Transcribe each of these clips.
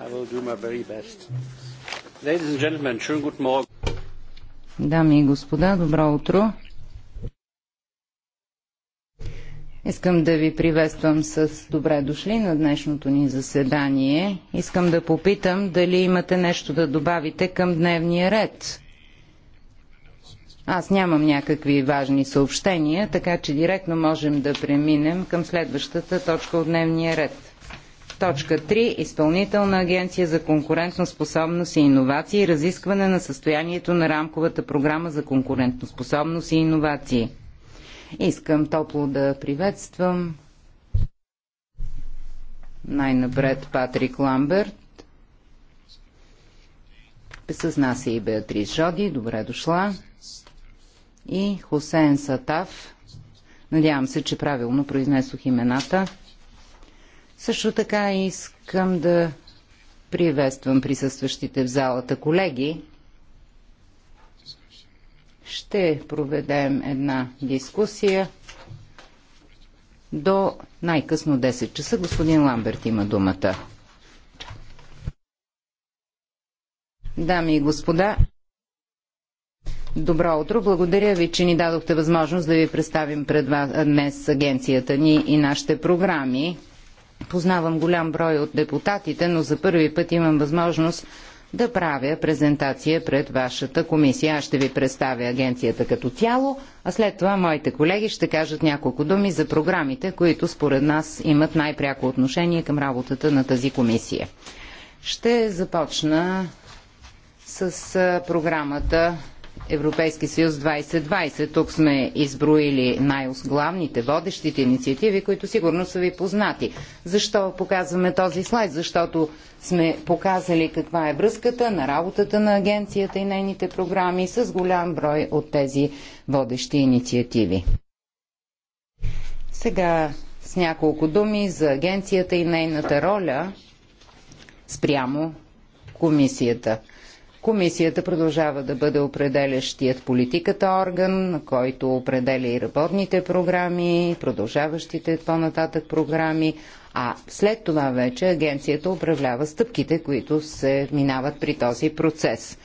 I will do my very best. Ladies and gentlemen, schönen guten Morgen. Дами и господа, добро утро. Искам да ви приветствам с добре дошли на днешното ни заседание. Искам да попитам дали имате нещо да добавите към дневния ред. Аз нямам някакви важни съобщения, така че директно можем да преминем към следващата точка от дневния ред. Точка 3. Изпълнителна агенция за конкурентоспособност и иновации. Разискване на състоянието на рамковата програма за конкурентоспособност и иновации. Искам топло да приветствам най-напред Патрик Ламберт. С нас е и Беатрис Жоди. Добре дошла. И Хусен Сатав. Надявам се, че правилно произнесох имената. Също така искам да приветствам присъстващите в залата колеги. Ще проведем една дискусия до най-късно 10 часа. Господин Ламберт има думата. Дами и господа, добро утро. Благодаря ви, че ни дадохте възможност да ви представим пред вас днес агенцията ни и нашите програми. Познавам голям брой от депутатите, но за първи път имам възможност да правя презентация пред вашата комисия. Аз ще ви представя агенцията като цяло, а след това моите колеги ще кажат няколко думи за програмите, които според нас имат най-пряко отношение към работата на тази комисия. Ще започна с програмата Европейски съюз 2020. Тук сме изброили най-главните, водещите инициативи, които сигурно са ви познати. Защо показваме този слайд? Защото сме показали каква е връзката на работата на агенцията и нейните програми с голям брой от тези водещи инициативи. Сега с няколко думи за агенцията и нейната роля спрямо комисията. Комисията продължава да бъде определящият политиката орган, който определя и работните програми, продължаващите по-нататък програми, а след това вече агенцията управлява стъпките, които се минават при този процес.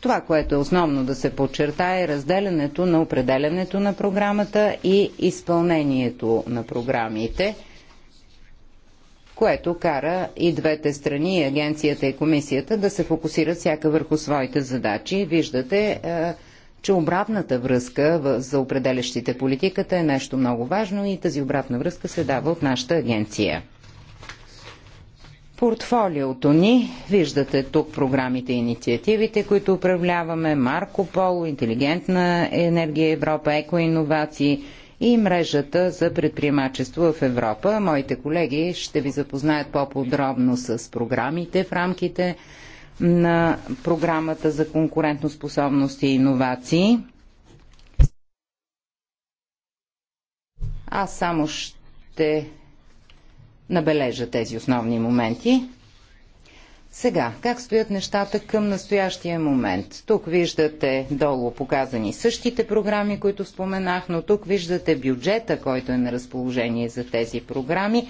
Това, което е основно да се подчертае е разделянето на определянето на програмата и изпълнението на програмите – което кара и двете страни, агенцията и комисията, да се фокусират всяка върху своите задачи. Виждате, е, че обратната връзка за определящите политиката е нещо много важно и тази обратна връзка се дава от нашата агенция. Портфолиото ни, виждате тук програмите и инициативите, които управляваме, Марко Поло, Интелигентна енергия Европа, екоинновации – и мрежата за предприемачество в Европа. Моите колеги ще ви запознаят по-подробно с програмите в рамките на програмата за конкурентоспособност и иновации. Аз само ще набележа тези основни моменти. Сега, как стоят нещата към настоящия момент? Тук виждате долу показани същите програми, които споменах, но тук виждате бюджета, който е на разположение за тези програми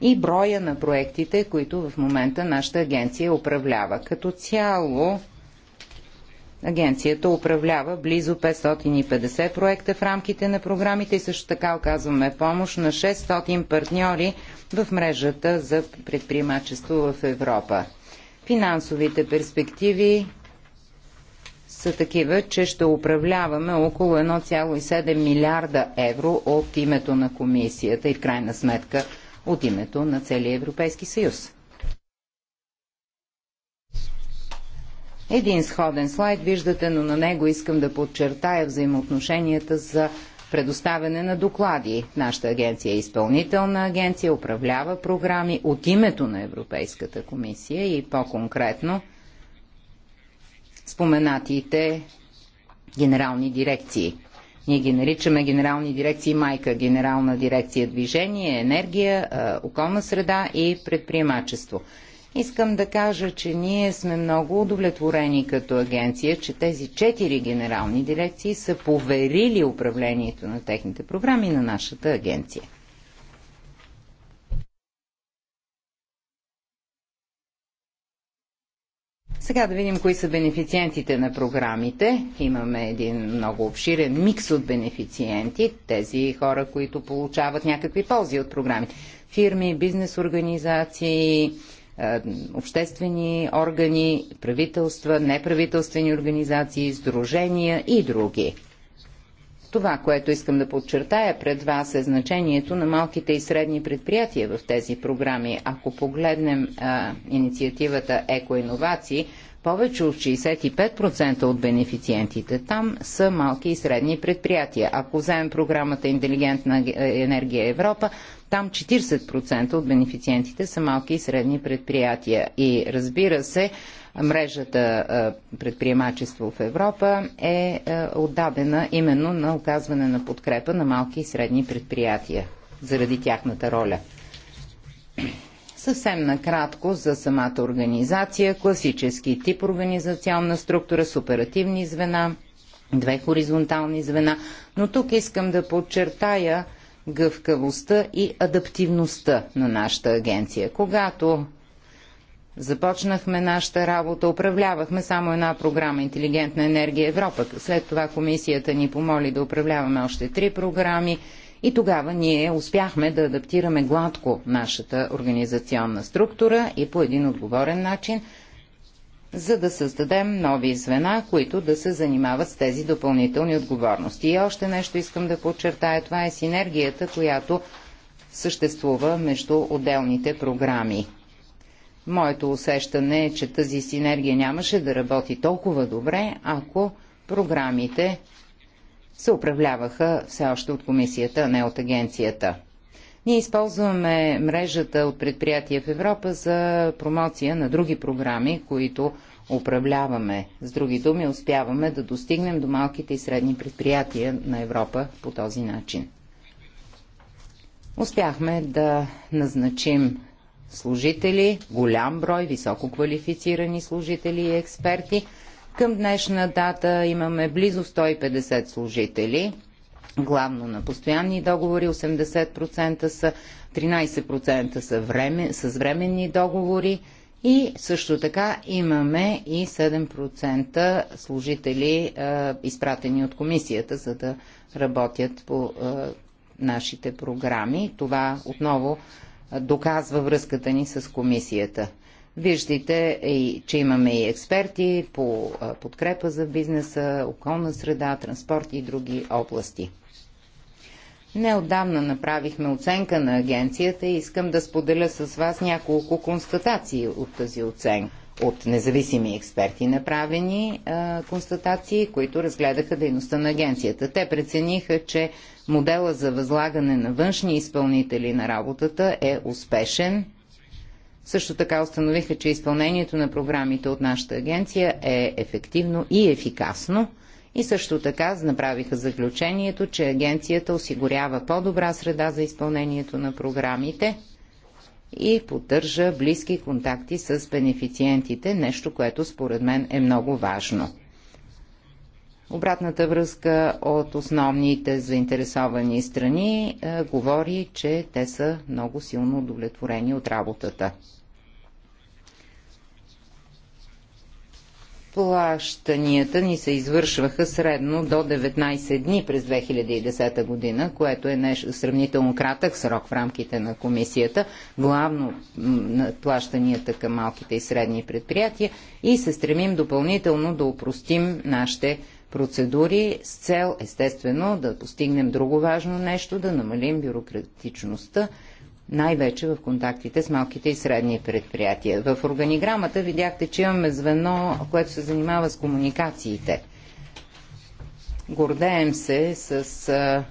и броя на проектите, които в момента нашата агенция управлява. Като цяло Агенцията управлява близо 550 проекта в рамките на програмите и също така оказваме помощ на 600 партньори в мрежата за предприемачество в Европа. Финансовите перспективи са такива, че ще управляваме около 1,7 милиарда евро от името на комисията и в крайна сметка от името на целия Европейски съюз. един сходен слайд виждате, но на него искам да подчертая взаимоотношенията за предоставяне на доклади. Нашата агенция е изпълнителна агенция, управлява програми от името на Европейската комисия и по-конкретно споменатите генерални дирекции. Ние ги наричаме генерални дирекции майка, генерална дирекция движение, енергия, е, околна среда и предприемачество. Искам да кажа, че ние сме много удовлетворени като агенция, че тези четири генерални дирекции са поверили управлението на техните програми на нашата агенция. Сега да видим кои са бенефициентите на програмите. Имаме един много обширен микс от бенефициенти, тези хора, които получават някакви ползи от програмите. Фирми, бизнес организации, е, обществени органи, правителства, неправителствени организации, сдружения и други. Това, което искам да подчертая пред вас е значението на малките и средни предприятия в тези програми. Ако погледнем а, е, инициативата Екоинновации, повече от 65% от бенефициентите там са малки и средни предприятия. Ако вземем програмата Интелигентна е, енергия Европа, там 40% от бенефициентите са малки и средни предприятия. И разбира се, мрежата предприемачество в Европа е отдадена именно на оказване на подкрепа на малки и средни предприятия заради тяхната роля. Съвсем накратко за самата организация, класически тип организационна структура с оперативни звена, две хоризонтални звена, но тук искам да подчертая, гъвкавостта и адаптивността на нашата агенция. Когато започнахме нашата работа, управлявахме само една програма Интелигентна енергия Европа. След това комисията ни помоли да управляваме още три програми и тогава ние успяхме да адаптираме гладко нашата организационна структура и по един отговорен начин за да създадем нови звена, които да се занимават с тези допълнителни отговорности. И още нещо искам да подчертая. Това е синергията, която съществува между отделните програми. Моето усещане е, че тази синергия нямаше да работи толкова добре, ако програмите се управляваха все още от комисията, а не от агенцията. Ние използваме мрежата от предприятия в Европа за промоция на други програми, които управляваме. С други думи, успяваме да достигнем до малките и средни предприятия на Европа по този начин. Успяхме да назначим служители, голям брой високо квалифицирани служители и експерти. Към днешна дата имаме близо 150 служители – главно на постоянни договори, 80% са, 13% са време, с временни договори и също така имаме и 7% служители, е, изпратени от комисията, за да работят по е, нашите програми. Това отново е, доказва връзката ни с комисията. Виждате, че имаме и експерти по подкрепа за бизнеса, околна среда, транспорт и други области. Неодавна направихме оценка на агенцията и искам да споделя с вас няколко констатации от тази оценка. От независими експерти направени а, констатации, които разгледаха дейността на агенцията. Те прецениха, че модела за възлагане на външни изпълнители на работата е успешен също така установиха, че изпълнението на програмите от нашата агенция е ефективно и ефикасно и също така направиха заключението, че агенцията осигурява по-добра среда за изпълнението на програмите и поддържа близки контакти с бенефициентите, нещо, което според мен е много важно. Обратната връзка от основните заинтересовани страни е, говори, че те са много силно удовлетворени от работата. Плащанията ни се извършваха средно до 19 дни през 2010 година, което е неш... сравнително кратък срок в рамките на комисията, главно плащанията към малките и средни предприятия и се стремим допълнително да упростим нашите процедури с цел, естествено, да постигнем друго важно нещо, да намалим бюрократичността, най-вече в контактите с малките и средни предприятия. В органиграмата видяхте, че имаме звено, което се занимава с комуникациите. Гордеем се с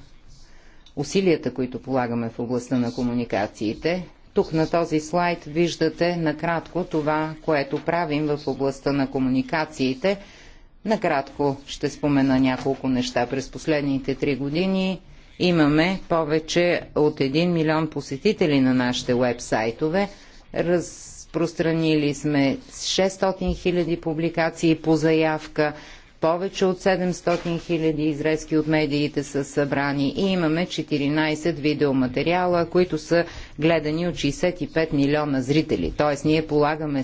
усилията, които полагаме в областта на комуникациите. Тук на този слайд виждате накратко това, което правим в областта на комуникациите – Накратко ще спомена няколко неща. През последните три години имаме повече от 1 милион посетители на нашите веб-сайтове. Разпространили сме 600 хиляди публикации по заявка. Повече от 700 хиляди изрезки от медиите са събрани и имаме 14 видеоматериала, които са гледани от 65 милиона зрители. Тоест ние полагаме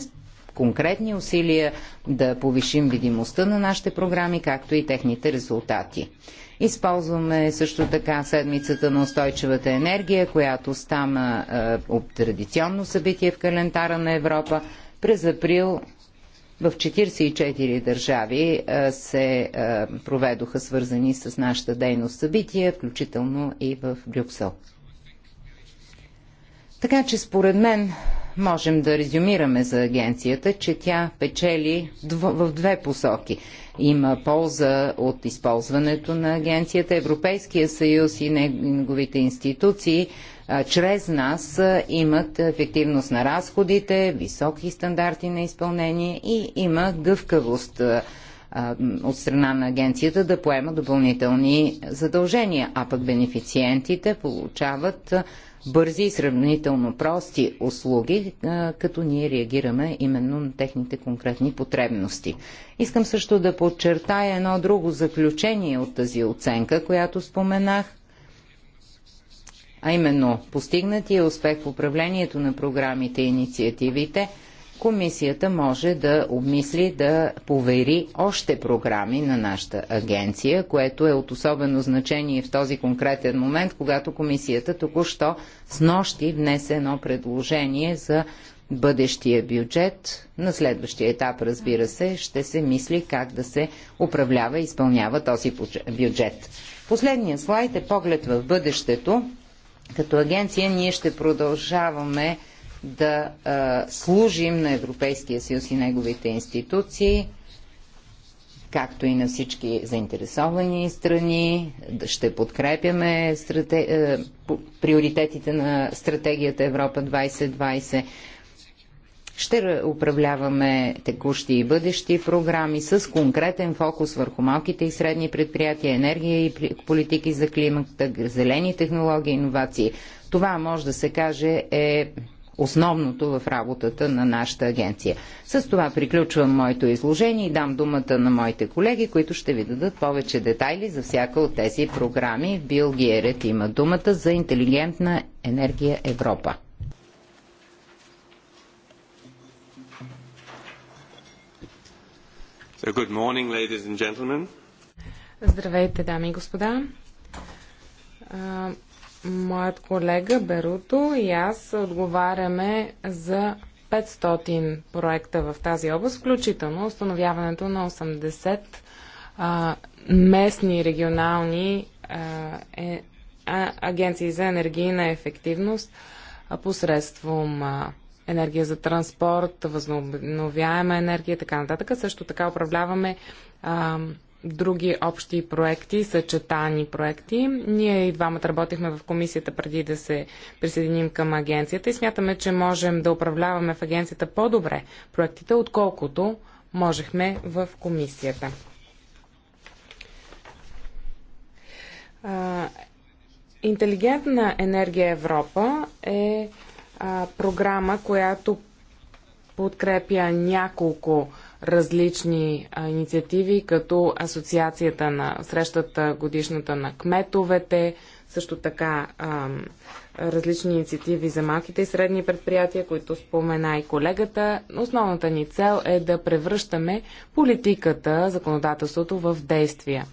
конкретни усилия да повишим видимостта на нашите програми, както и техните резултати. Използваме също така седмицата на устойчивата енергия, която стана е, от традиционно събитие в календара на Европа. През април в 44 държави е, се е, проведоха свързани с нашата дейност събития, включително и в Брюксел. Така че според мен можем да резюмираме за агенцията, че тя печели в две посоки. Има полза от използването на агенцията. Европейския съюз и неговите институции чрез нас имат ефективност на разходите, високи стандарти на изпълнение и има гъвкавост от страна на агенцията да поема допълнителни задължения, а пък бенефициентите получават бързи и сравнително прости услуги, като ние реагираме именно на техните конкретни потребности. Искам също да подчертая едно друго заключение от тази оценка, която споменах, а именно постигнатия успех в управлението на програмите и инициативите – комисията може да обмисли да повери още програми на нашата агенция, което е от особено значение в този конкретен момент, когато комисията току-що с нощи внесе едно предложение за бъдещия бюджет. На следващия етап, разбира се, ще се мисли как да се управлява и изпълнява този бюджет. Последният слайд е поглед в бъдещето. Като агенция ние ще продължаваме да а, служим на Европейския съюз и неговите институции, както и на всички заинтересовани страни. Ще подкрепяме стратег... приоритетите на стратегията Европа 2020 ще управляваме текущи и бъдещи програми с конкретен фокус върху малките и средни предприятия, енергия и политики за климата, зелени технологии, иновации. Това може да се каже е основното в работата на нашата агенция. С това приключвам моето изложение и дам думата на моите колеги, които ще ви дадат повече детайли за всяка от тези програми. Бил Гиерет има думата за интелигентна енергия Европа. So good morning, ladies and gentlemen. Здравейте, дами и господа. Моят колега Беруто и аз отговаряме за 500 проекта в тази област, включително установяването на 80 а, местни регионални а, е, а, агенции за енергийна ефективност а, посредством а, енергия за транспорт, възобновяема енергия и така нататък. Също така управляваме а, други общи проекти, съчетани проекти. Ние и двамата работихме в комисията преди да се присъединим към агенцията и смятаме, че можем да управляваме в агенцията по-добре проектите, отколкото можехме в комисията. Интелигентна енергия Европа е програма, която подкрепя няколко различни а, инициативи, като асоциацията на срещата годишната на кметовете, също така а, различни инициативи за малките и средни предприятия, които спомена и колегата. Основната ни цел е да превръщаме политиката, законодателството в действия.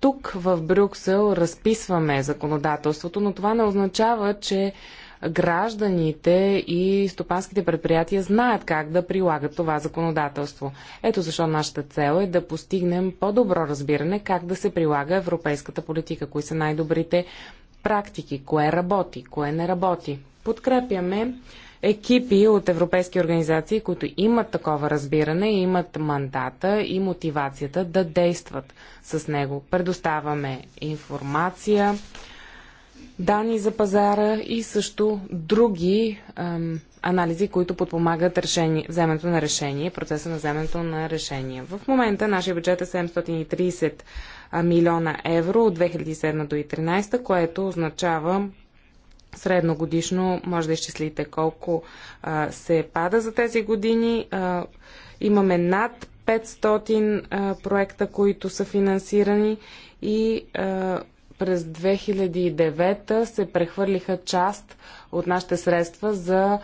Тук в Брюксел разписваме законодателството, но това не означава, че гражданите и стопанските предприятия знаят как да прилагат това законодателство. Ето защо нашата цел е да постигнем по-добро разбиране как да се прилага европейската политика, кои са най-добрите практики, кое работи, кое не работи. Подкрепяме екипи от европейски организации, които имат такова разбиране, имат мандата и мотивацията да действат с него. Предоставяме информация, данни за пазара и също други ам, анализи, които подпомагат решение, вземането на решение, процеса на вземането на решение. В момента нашия бюджет е 730 милиона евро от 2007 до 2013, което означава средно годишно, може да изчислите колко а, се пада за тези години. А, имаме над 500 а, проекта, които са финансирани и а, през 2009 се прехвърлиха част от нашите средства за,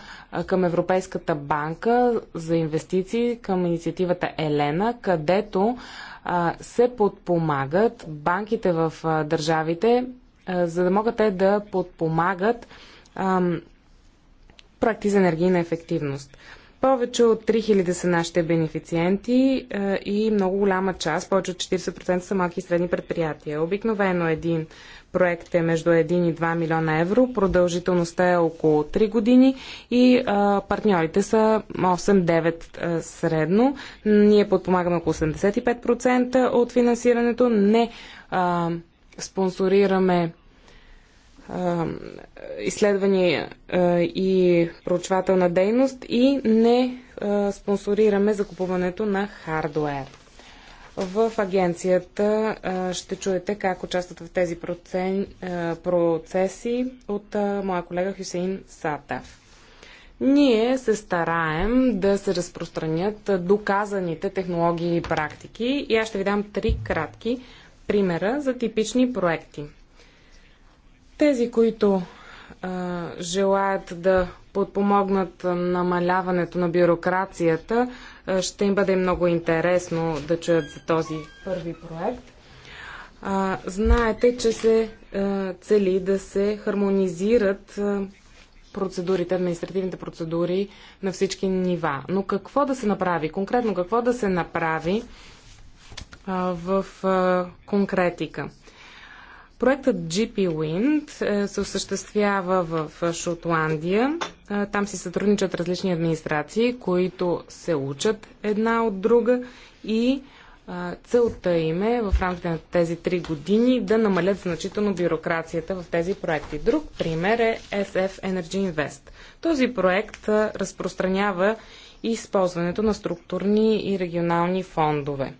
към Европейската банка за инвестиции към инициативата Елена, където а, се подпомагат банките в а, държавите, а, за да могат те да подпомагат а, проекти за енергийна ефективност. Повече от 3000 са нашите бенефициенти е, и много голяма част, повече от 40% са малки и средни предприятия. Обикновено един проект е между 1 и 2 милиона евро, продължителността е около 3 години и а, е, партньорите са 8-9 е, средно. Ние подпомагаме около 85% от финансирането, не а, спонсорираме изследвания и проучвателна дейност и не спонсорираме закупуването на хардуер. В агенцията ще чуете как участват в тези процеси от моя колега Хюсейн Сатав. Ние се стараем да се разпространят доказаните технологии и практики и аз ще ви дам три кратки примера за типични проекти – тези, които а, желаят да подпомогнат намаляването на бюрокрацията, а, ще им бъде много интересно да чуят за този първи проект. А, знаете, че се а, цели да се хармонизират а, процедурите, административните процедури на всички нива. Но какво да се направи? Конкретно какво да се направи а, в а, конкретика? Проектът GP Wind е, се осъществява в Шотландия. Е, там си сътрудничат различни администрации, които се учат една от друга и е, целта им е в рамките на тези три години да намалят значително бюрокрацията в тези проекти. Друг пример е SF Energy Invest. Този проект разпространява и използването на структурни и регионални фондове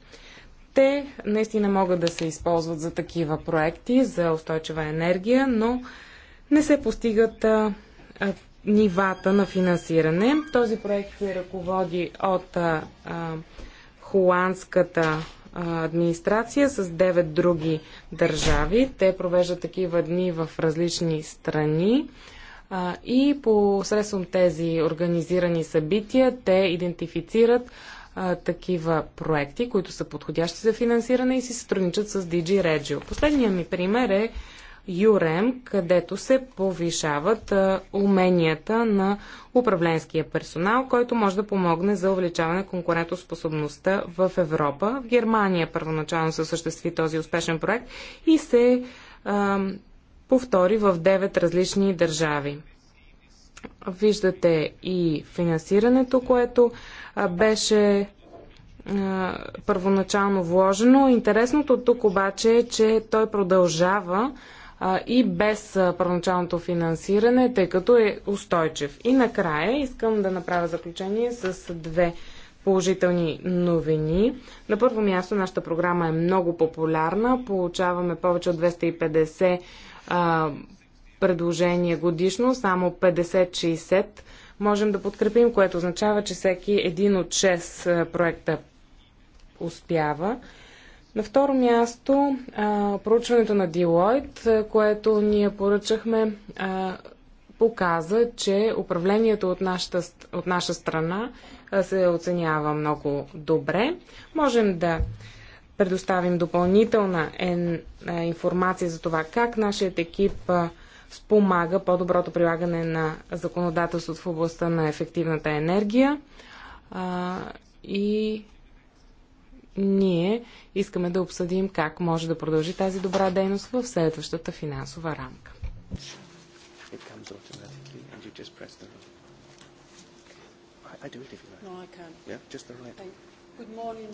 те наистина могат да се използват за такива проекти, за устойчива енергия, но не се постигат а, а, нивата на финансиране. Този проект се ръководи от а, а, холандската а, администрация с 9 други държави. Те провеждат такива дни в различни страни. А, и посредством тези организирани събития те идентифицират а, такива проекти, които са подходящи за финансиране и си сътрудничат с DG Regio. Последният ми пример е ЮРЕМ, където се повишават а, уменията на управленския персонал, който може да помогне за увеличаване конкурентоспособността в Европа. В Германия първоначално се осъществи този успешен проект и се а, повтори в 9 различни държави. Виждате и финансирането, което беше първоначално вложено. Интересното тук обаче е, че той продължава и без първоначалното финансиране, тъй като е устойчив. И накрая искам да направя заключение с две положителни новини. На първо място нашата програма е много популярна. Получаваме повече от 250 а, предложения годишно, само 50-60 можем да подкрепим, което означава, че всеки един от 6 е, проекта успява. На второ място, проучването на Deloitte, е, което ние поръчахме, показа, че управлението от, нашата, от наша страна се оценява много добре. Можем да предоставим допълнителна информация за това как нашият екип спомага по-доброто прилагане на законодателството в областта на ефективната енергия. А, и ние искаме да обсъдим как може да продължи тази добра дейност в следващата финансова рамка. Good morning.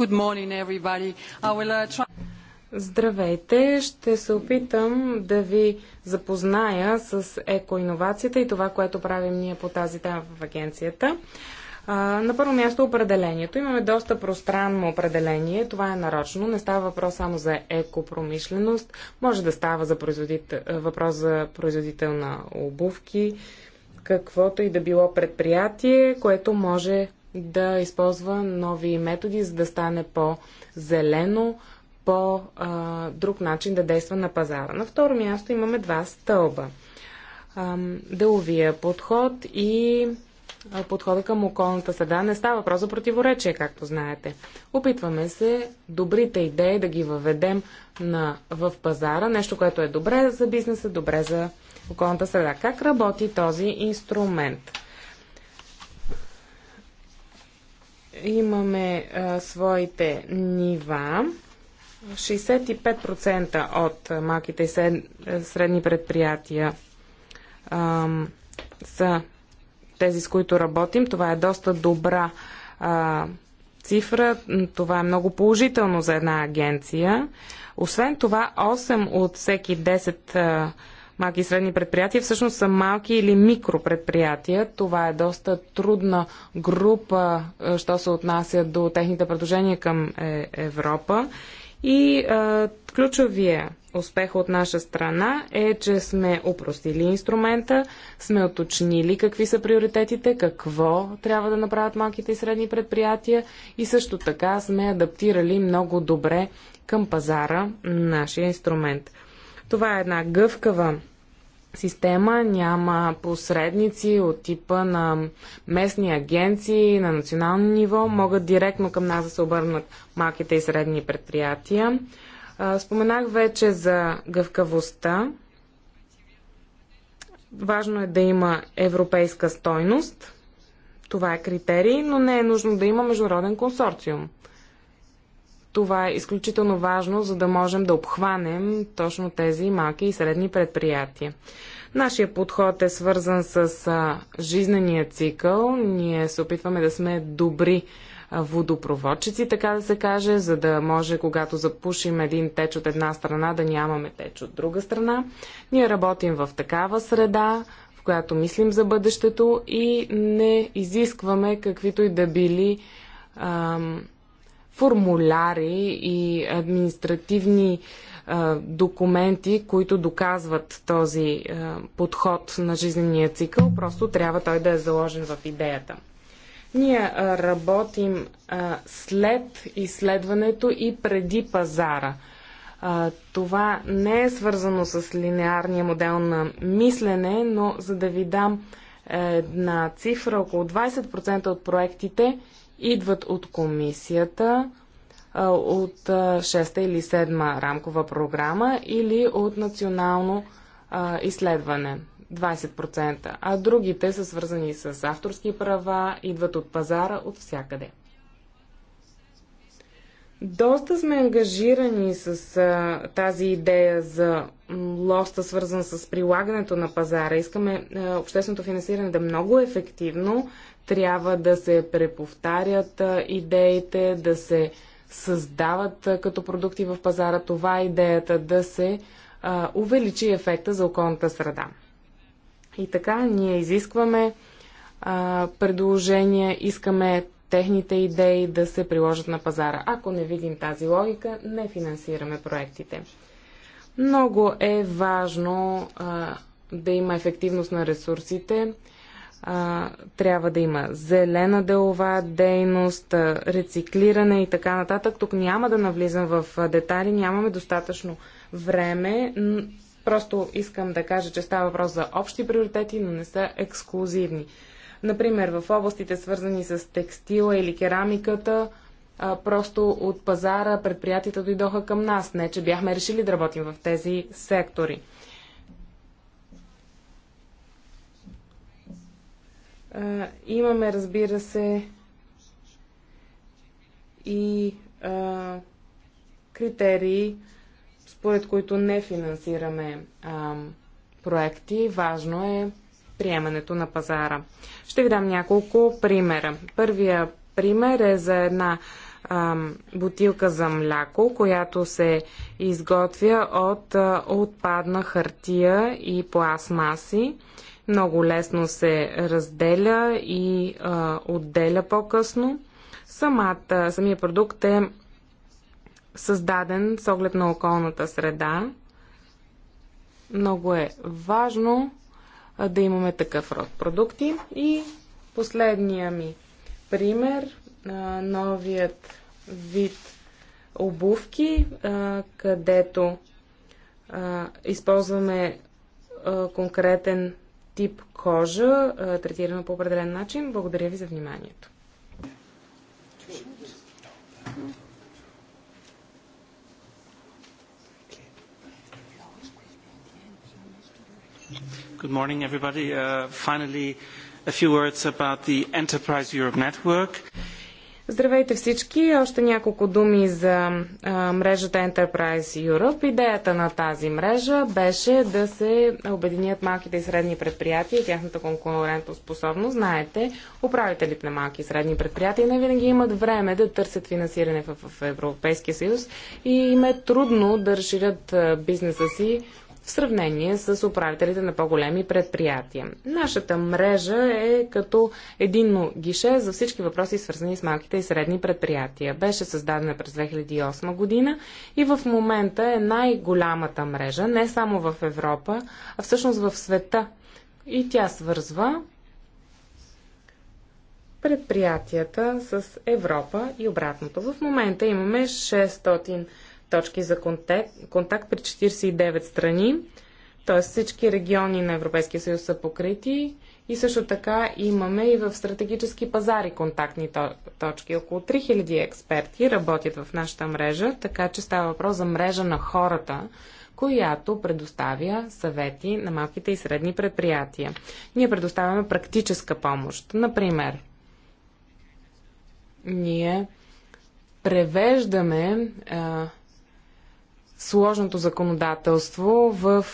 Good morning, everybody. I will uh, try. Здравейте! Ще се опитам да ви запозная с екоинновацията и това, което правим ние по тази тема в агенцията. На първо място определението. Имаме доста пространно определение. Това е нарочно. Не става въпрос само за екопромишленост. Може да става за производит... въпрос за производител на обувки, каквото и да било предприятие, което може да използва нови методи, за да стане по-зелено, по-друг начин да действа на пазара. На второ място имаме два стълба. Деловия подход и подхода към околната среда не става въпрос за противоречие, както знаете. Опитваме се добрите идеи да ги въведем на, в пазара, нещо, което е добре за бизнеса, добре за околната среда. Как работи този инструмент? Имаме а, своите нива 65% от малките и средни предприятия ам, са тези, с които работим. Това е доста добра а, цифра. Това е много положително за една агенция. Освен това, 8 от всеки 10 а, малки и средни предприятия всъщност са малки или микропредприятия. Това е доста трудна група, що се отнася до техните предложения към е, Европа. И а, ключовия успех от наша страна е, че сме упростили инструмента, сме оточнили какви са приоритетите, какво трябва да направят малките и средни предприятия и също така сме адаптирали много добре към пазара нашия инструмент. Това е една гъвкава система, няма посредници от типа на местни агенции на национално ниво. Могат директно към нас да се обърнат малките и средни предприятия. Споменах вече за гъвкавостта. Важно е да има европейска стойност. Това е критерий, но не е нужно да има международен консорциум. Това е изключително важно, за да можем да обхванем точно тези малки и средни предприятия. Нашия подход е свързан с жизнения цикъл. Ние се опитваме да сме добри водопроводчици, така да се каже, за да може, когато запушим един теч от една страна, да нямаме теч от друга страна. Ние работим в такава среда, в която мислим за бъдещето и не изискваме каквито и да били ам, формуляри и административни документи, които доказват този подход на жизнения цикъл, просто трябва той да е заложен в идеята. Ние работим след изследването и преди пазара. Това не е свързано с линеарния модел на мислене, но за да ви дам е, една цифра, около 20% от проектите идват от комисията, от 6-та или 7-ма рамкова програма или от национално изследване. 20%, а другите са свързани с авторски права, идват от пазара, от всякъде. Доста сме ангажирани с а, тази идея за лоста, свързан с прилагането на пазара. Искаме а, общественото финансиране да е много ефективно трябва да се преповтарят идеите, да се създават като продукти в пазара. Това е идеята да се увеличи ефекта за околната среда. И така ние изискваме а, предложения, искаме техните идеи да се приложат на пазара. Ако не видим тази логика, не финансираме проектите. Много е важно а, да има ефективност на ресурсите а, трябва да има зелена делова дейност, рециклиране и така нататък. Тук няма да навлизам в детайли, нямаме достатъчно време. Просто искам да кажа, че става въпрос за общи приоритети, но не са ексклюзивни. Например, в областите свързани с текстила или керамиката, а, просто от пазара предприятията дойдоха към нас. Не, че бяхме решили да работим в тези сектори. имаме, разбира се, и а, критерии, според които не финансираме а, проекти. Важно е приемането на пазара. Ще ви дам няколко примера. Първия пример е за една а, бутилка за мляко, която се изготвя от а, отпадна хартия и пластмаси много лесно се разделя и а, отделя по-късно. Самата, самия продукт е създаден с оглед на околната среда. Много е важно а, да имаме такъв род продукти. И последния ми пример, а, новият вид обувки, а, където използваме конкретен тип кожа, третирана по определен начин. Благодаря ви за вниманието. Good morning, everybody. Uh, finally, a few words about the Enterprise Europe Network. Здравейте всички! Още няколко думи за а, мрежата Enterprise Europe. Идеята на тази мрежа беше да се обединят малките и средни предприятия и тяхната конкурентоспособност. Знаете, управителите на малки и средни предприятия не винаги имат време да търсят финансиране в, в Европейския съюз и им е трудно да разширят бизнеса си в сравнение с управителите на по-големи предприятия. Нашата мрежа е като единно гише за всички въпроси, свързани с малките и средни предприятия. Беше създадена през 2008 година и в момента е най-голямата мрежа, не само в Европа, а всъщност в света. И тя свързва предприятията с Европа и обратното. В момента имаме 600 точки за контакт, при 49 страни, т.е. всички региони на Европейския съюз са покрити и също така имаме и в стратегически пазари контактни точки. Около 3000 експерти работят в нашата мрежа, така че става въпрос за мрежа на хората, която предоставя съвети на малките и средни предприятия. Ние предоставяме практическа помощ. Например, ние превеждаме а, сложното законодателство в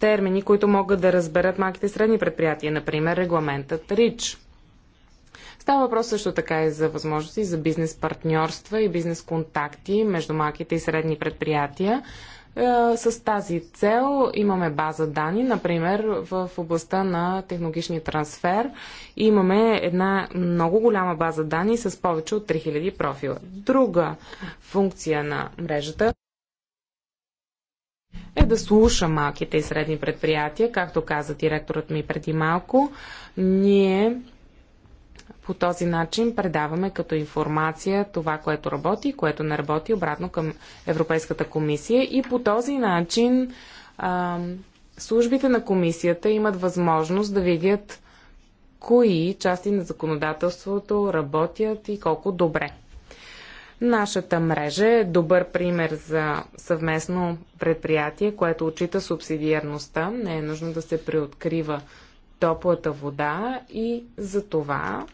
термини, които могат да разберат малките и средни предприятия, например регламентът РИЧ. Става въпрос също така и за възможности за бизнес партньорства и бизнес контакти между малките и средни предприятия. С тази цел имаме база данни, например в областта на технологичния трансфер. Имаме една много голяма база данни с повече от 3000 профила. Друга функция на мрежата е да слуша малките и средни предприятия. Както каза директорът ми преди малко, ние по този начин предаваме като информация това, което работи, което не работи, обратно към Европейската комисия. И по този начин а, службите на комисията имат възможност да видят кои части на законодателството работят и колко добре. Нашата мрежа е добър пример за съвместно предприятие, което отчита субсидиарността. Не е нужно да се преоткрива топлата вода и за това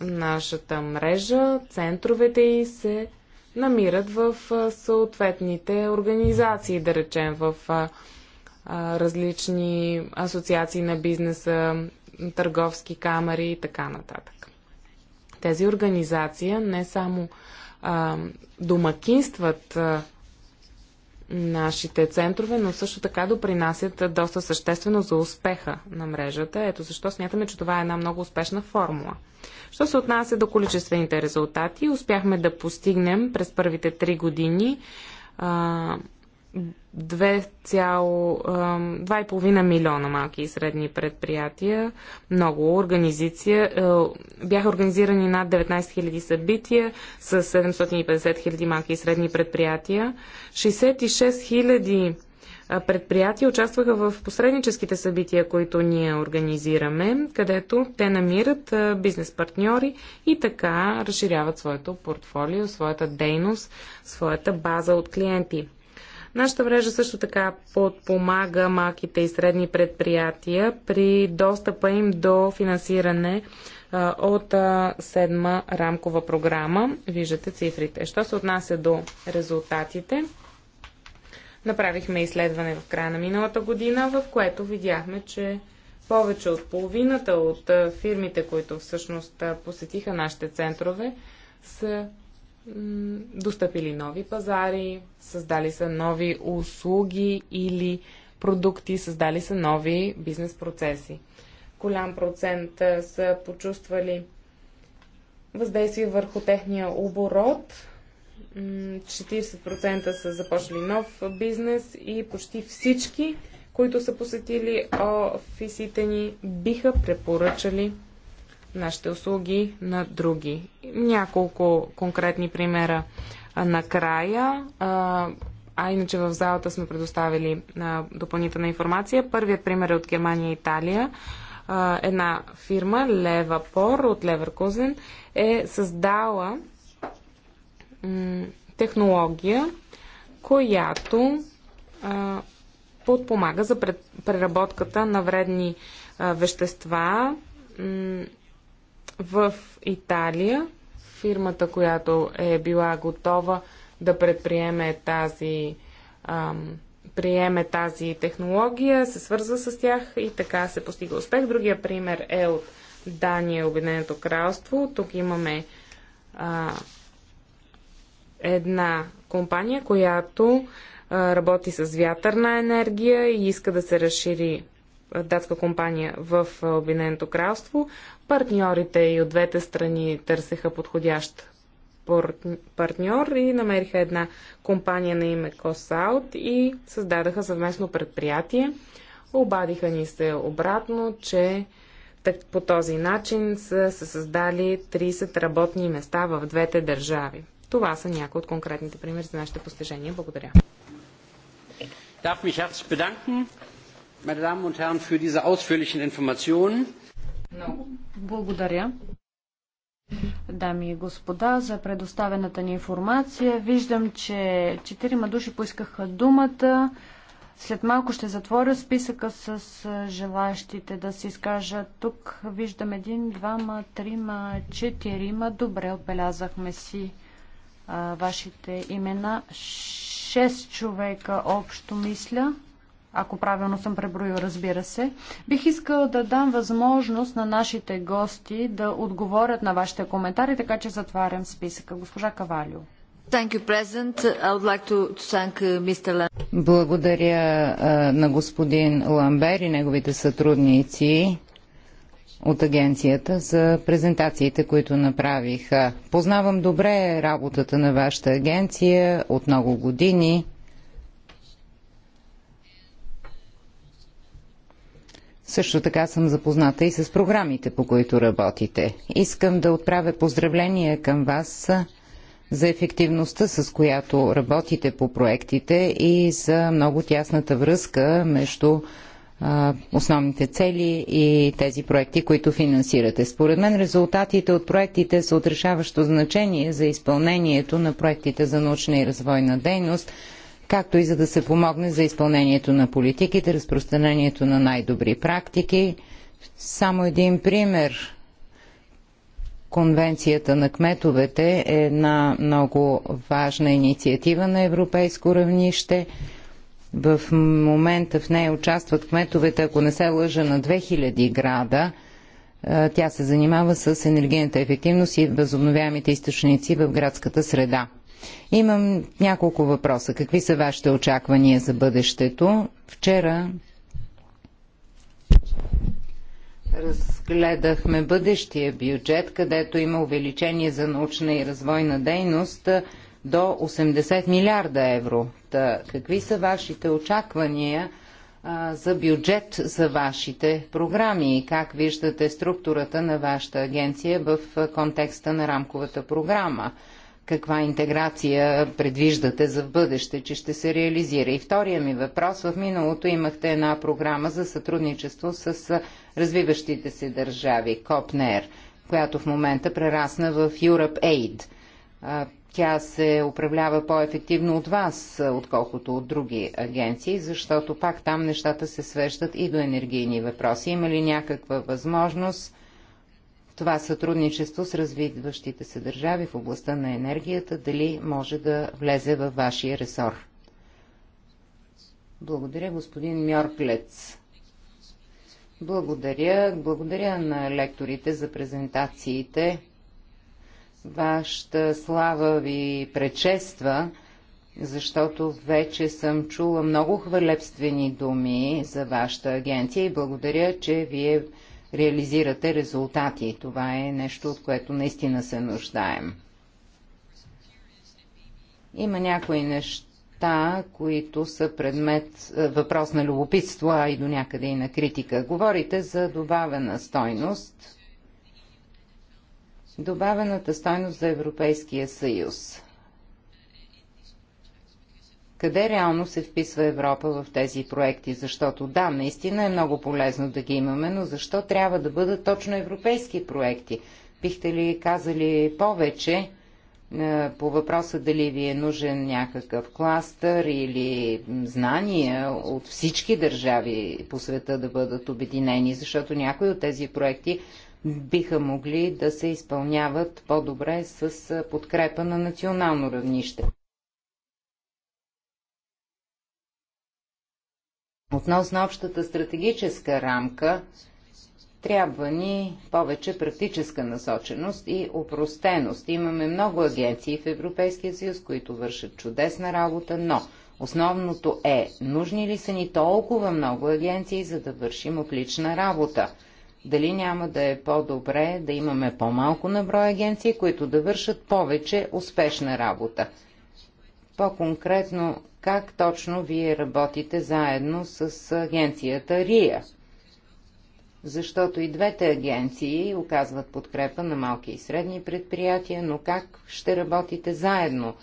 нашата мрежа, центровете и се намират в съответните организации, да речем в различни асоциации на бизнеса, търговски камери и така нататък. Тези организации не само а, домакинстват а, нашите центрове, но също така допринасят доста съществено за успеха на мрежата. Ето защо смятаме, че това е една много успешна формула. Що се отнася до количествените резултати, успяхме да постигнем през първите три години а, 2,5 милиона малки и средни предприятия, много организация. Е, бяха организирани над 19 хиляди събития с 750 хиляди малки и средни предприятия. 66 хиляди предприятия участваха в посредническите събития, които ние организираме, където те намират бизнес партньори и така разширяват своето портфолио, своята дейност, своята база от клиенти. Нашата мрежа също така подпомага малките и средни предприятия при достъпа им до финансиране от седма рамкова програма. Виждате цифрите. Що се отнася до резултатите? Направихме изследване в края на миналата година, в което видяхме, че повече от половината от фирмите, които всъщност посетиха нашите центрове, са достъпили нови пазари, създали са нови услуги или продукти, създали са нови бизнес процеси. Голям процент са почувствали въздействие върху техния оборот. 40% са започнали нов бизнес и почти всички, които са посетили офисите ни, биха препоръчали нашите услуги на други. Няколко конкретни примера накрая. А иначе в залата сме предоставили допълнителна информация. Първият пример е от Германия и Италия. Една фирма, Лева Пор от Леверкузен, е създала технология, която подпомага за преработката на вредни вещества в Италия фирмата, която е била готова да предприеме тази, ам, приеме тази технология, се свързва с тях и така се постига успех. Другия пример е от Дания, Обединеното кралство. Тук имаме а, една компания, която а, работи с вятърна енергия и иска да се разшири датска компания в Обединеното кралство. Партньорите и от двете страни търсеха подходящ партньор и намериха една компания на име Косаут и създадаха съвместно предприятие. Обадиха ни се обратно, че так, по този начин са се създали 30 работни места в двете държави. Това са някои от конкретните примери за нашите постижения. Благодаря. Meine Damen und Herren, für diese ausführlichen Informationen. благодаря. Дами и господа, за предоставената ни информация. Виждам, че четирима души поискаха думата. След малко ще затворя списъка с желащите да се изкажат. Тук виждам един, двама, трима, четирима. Добре, отбелязахме си а, вашите имена. Шест човека общо мисля ако правилно съм преброил, разбира се. Бих искала да дам възможност на нашите гости да отговорят на вашите коментари, така че затварям списъка. Госпожа Кавалио. Благодаря на господин Ламбер и неговите сътрудници от агенцията за презентациите, които направиха. Познавам добре работата на вашата агенция от много години. Също така съм запозната и с програмите, по които работите. Искам да отправя поздравления към вас за ефективността, с която работите по проектите и за много тясната връзка между а, основните цели и тези проекти, които финансирате. Според мен резултатите от проектите са отрешаващо значение за изпълнението на проектите за научна и развойна дейност – както и за да се помогне за изпълнението на политиките, разпространението на най-добри практики. Само един пример. Конвенцията на кметовете е една много важна инициатива на европейско равнище. В момента в нея участват кметовете, ако не се лъжа, на 2000 града. Е, тя се занимава с енергийната ефективност и възобновяемите източници в градската среда. Имам няколко въпроса. Какви са вашите очаквания за бъдещето? Вчера разгледахме бъдещия бюджет, където има увеличение за научна и развойна дейност до 80 милиарда евро. Та, какви са вашите очаквания а, за бюджет за вашите програми и как виждате структурата на вашата агенция в контекста на рамковата програма? каква интеграция предвиждате за в бъдеще, че ще се реализира? И втория ми въпрос. В миналото имахте една програма за сътрудничество с развиващите се държави, КОПНЕР, която в момента прерасна в Europe Aid. Тя се управлява по-ефективно от вас, отколкото от други агенции, защото пак там нещата се свещат и до енергийни въпроси. Има ли някаква възможност това сътрудничество с развиващите се държави в областта на енергията, дали може да влезе във вашия ресор. Благодаря, господин Мьорклец. Благодаря. Благодаря на лекторите за презентациите. Вашата слава ви предшества, защото вече съм чула много хвалебствени думи за вашата агенция и благодаря, че вие реализирате резултати. Това е нещо, от което наистина се нуждаем. Има някои неща, които са предмет е, въпрос на любопитство, а и до някъде и на критика. Говорите за добавена стойност. Добавената стойност за Европейския съюз къде реално се вписва Европа в тези проекти, защото да, наистина е много полезно да ги имаме, но защо трябва да бъдат точно европейски проекти? Бихте ли казали повече е, по въпроса дали ви е нужен някакъв кластър или знания от всички държави по света да бъдат обединени, защото някои от тези проекти биха могли да се изпълняват по-добре с е, подкрепа на национално равнище. Относно общата стратегическа рамка, трябва ни повече практическа насоченост и опростеност. Имаме много агенции в Европейския съюз, които вършат чудесна работа, но основното е, нужни ли са ни толкова много агенции, за да вършим отлична работа? Дали няма да е по-добре да имаме по-малко на брой агенции, които да вършат повече успешна работа? По-конкретно, как точно вие работите заедно с агенцията РИА? Защото и двете агенции оказват подкрепа на малки и средни предприятия, но как ще работите заедно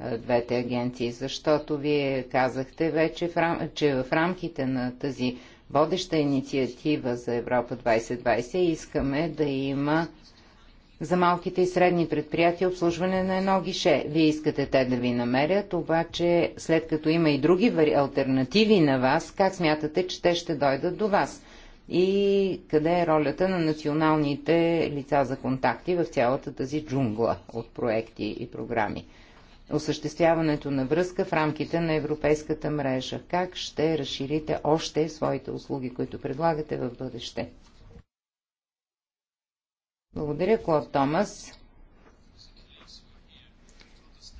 е, двете агенции? Защото вие казахте вече, че в рамките на тази водеща инициатива за Европа 2020 искаме да има за малките и средни предприятия обслужване на едно гише. Вие искате те да ви намерят, обаче след като има и други альтернативи на вас, как смятате, че те ще дойдат до вас? И къде е ролята на националните лица за контакти в цялата тази джунгла от проекти и програми? осъществяването на връзка в рамките на европейската мрежа. Как ще разширите още своите услуги, които предлагате в бъдеще? Благодаря, Клод Томас.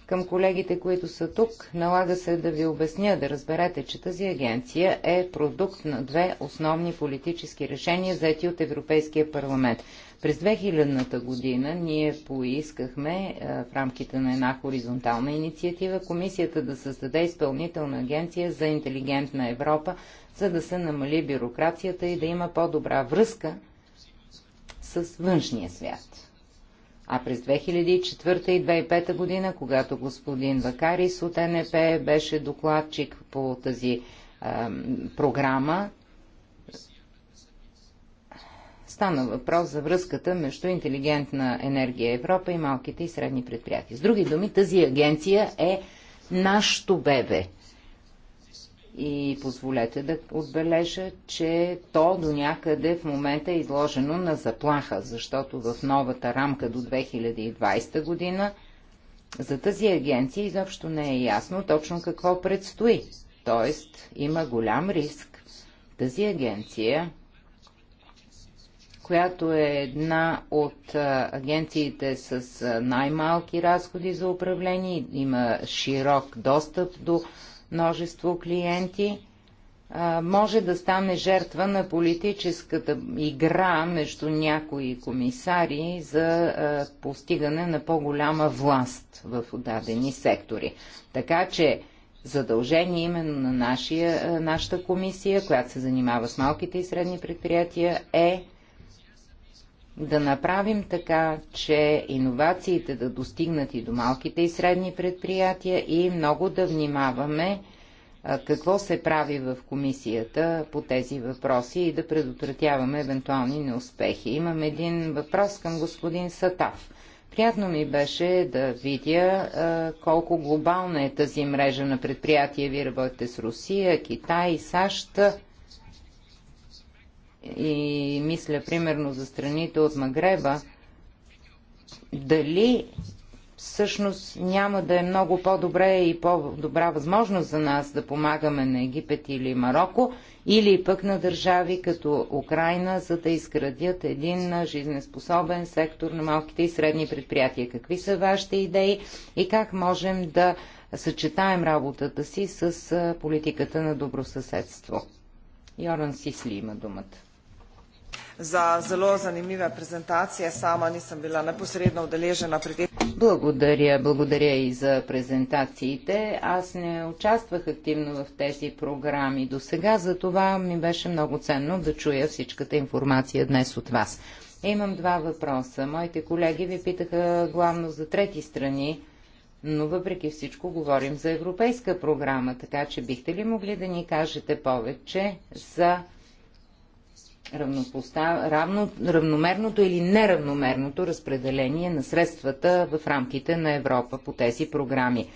Към колегите, които са тук, налага се да ви обясня, да разберете, че тази агенция е продукт на две основни политически решения, взети от Европейския парламент. През 2000-та година ние поискахме е, в рамките на една хоризонтална инициатива комисията да създаде изпълнителна агенция за интелигентна Европа, за да се намали бюрокрацията и да има по-добра връзка с външния свят. А през 2004 и 2005 година, когато господин Бакарис от НП беше докладчик по тази е, програма, стана въпрос за връзката между интелигентна енергия Европа и малките и средни предприятия. С други думи, тази агенция е нашето бебе. И позволете да отбележа, че то до някъде в момента е изложено на заплаха, защото в новата рамка до 2020 година за тази агенция изобщо не е ясно точно какво предстои. Тоест има голям риск тази агенция, която е една от агенциите с най-малки разходи за управление, има широк достъп до множество клиенти, може да стане жертва на политическата игра между някои комисари за постигане на по-голяма власт в отдадени сектори. Така че задължение е именно на нашия, нашата комисия, която се занимава с малките и средни предприятия, е да направим така, че иновациите да достигнат и до малките и средни предприятия и много да внимаваме какво се прави в комисията по тези въпроси и да предотвратяваме евентуални неуспехи. Имам един въпрос към господин Сатав. Приятно ми беше да видя а, колко глобална е тази мрежа на предприятия. Вие работите с Русия, Китай, САЩ и мисля примерно за страните от Магреба, дали всъщност няма да е много по-добре и по-добра възможност за нас да помагаме на Египет или Марокко, или пък на държави като Украина, за да изградят един жизнеспособен сектор на малките и средни предприятия. Какви са вашите идеи и как можем да съчетаем работата си с политиката на добросъседство? Йоран Сисли има думата za zelo zanimive презентация. Сама не съм била непосредно удалежена при тези. Благодаря, благодаря и за презентациите. Аз не участвах активно в тези програми до сега, затова ми беше много ценно да чуя всичката информация днес от вас. Имам два въпроса. Моите колеги ви питаха главно за трети страни, но въпреки всичко говорим за европейска програма, така че бихте ли могли да ни кажете повече за равнопостав... равно... равномерното или неравномерното разпределение на средствата в рамките на Европа по тези програми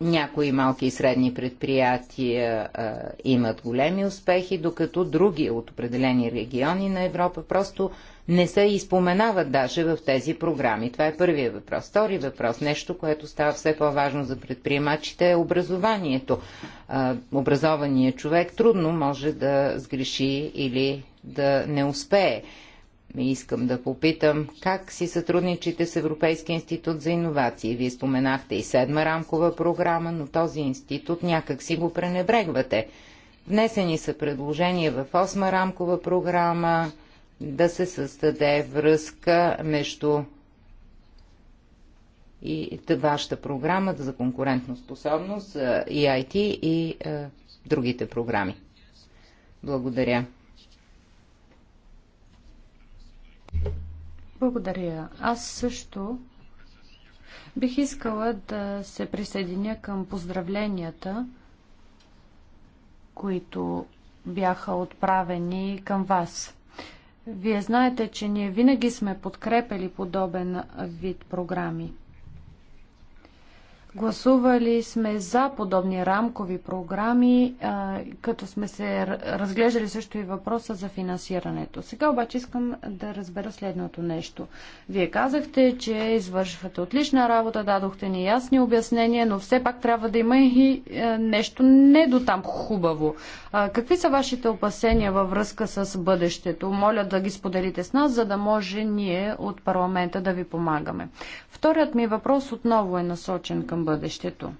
някои малки и средни предприятия а, имат големи успехи, докато други от определени региони на Европа просто не се изпоменават даже в тези програми. Това е първият въпрос. Втори въпрос, нещо, което става все по-важно за предприемачите е образованието. А, образованият човек трудно може да сгреши или да не успее искам да попитам как си сътрудничите с Европейския институт за иновации. Вие споменахте и седма рамкова програма, но този институт някак си го пренебрегвате. Внесени са предложения в осма рамкова програма да се създаде връзка между и вашата програма за конкурентно способност, EIT и е, другите програми. Благодаря. Благодаря. Аз също бих искала да се присъединя към поздравленията, които бяха отправени към вас. Вие знаете, че ние винаги сме подкрепили подобен вид програми. Гласували сме за подобни рамкови програми, като сме се разглеждали също и въпроса за финансирането. Сега обаче искам да разбера следното нещо. Вие казахте, че извършвате отлична работа, дадохте ни ясни обяснения, но все пак трябва да има и е, нещо не до там хубаво. Какви са вашите опасения във връзка с бъдещето? Моля да ги споделите с нас, за да може ние от парламента да ви помагаме. Вторият ми въпрос отново е насочен към бъдещето.